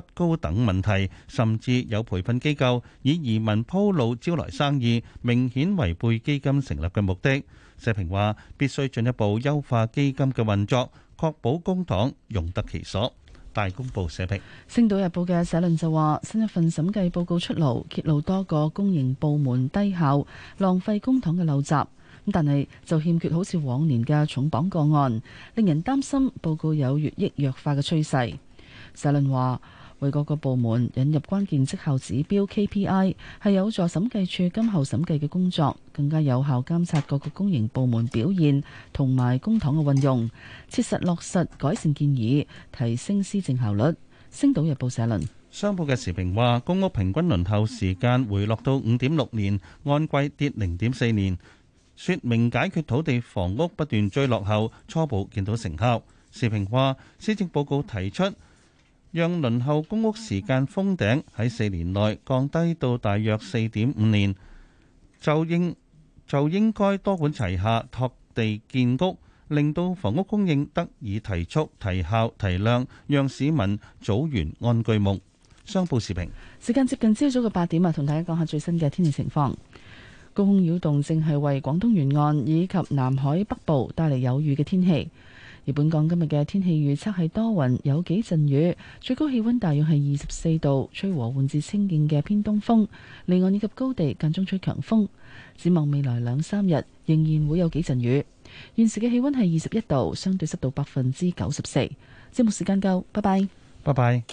不高等問題，甚至有培訓機構以移民鋪路招來生意，明顯違背基金成立嘅目的。社評話必須進一步優化基金嘅運作，確保公帑用得其所。大公報社評，《星島日報》嘅社論就話：新一份審計報告出爐，揭露多個公營部門低效、浪費公帑嘅陋習。但係就欠缺好似往年嘅重磅個案，令人擔心報告有越益弱化嘅趨勢。社論話。為各個部門引入關鍵績效指標 KPI，係有助審計署今後審計嘅工作更加有效監察各個公營部門表現同埋公帑嘅運用，切實落實改善建議，提升施政效率。星島日報社論，商報嘅時評話，公屋平均輪候時間回落到五點六年，按季跌零點四年，說明解決土地房屋不斷追落後，初步見到成效。時評話，施政報告提出。讓輪候公屋時間封頂喺四年內降低到大約四點五年，就應就應該多管齊下，托地建屋，令到房屋供應得以提速、提效、提量，讓市民早圓安居夢。商報視頻時間，接近朝早嘅八點啊，同大家講下最新嘅天氣情況。高空擾動正係為廣東沿岸以及南海北部帶嚟有雨嘅天氣。而本港今日嘅天氣預測係多雲有幾陣雨，最高氣溫大約係二十四度，吹和緩至清勁嘅偏東風。離岸，以及高地間中吹強風。展望未來兩三日仍然會有幾陣雨。現時嘅氣溫係二十一度，相對濕度百分之九十四。節目時間夠，拜拜，拜拜。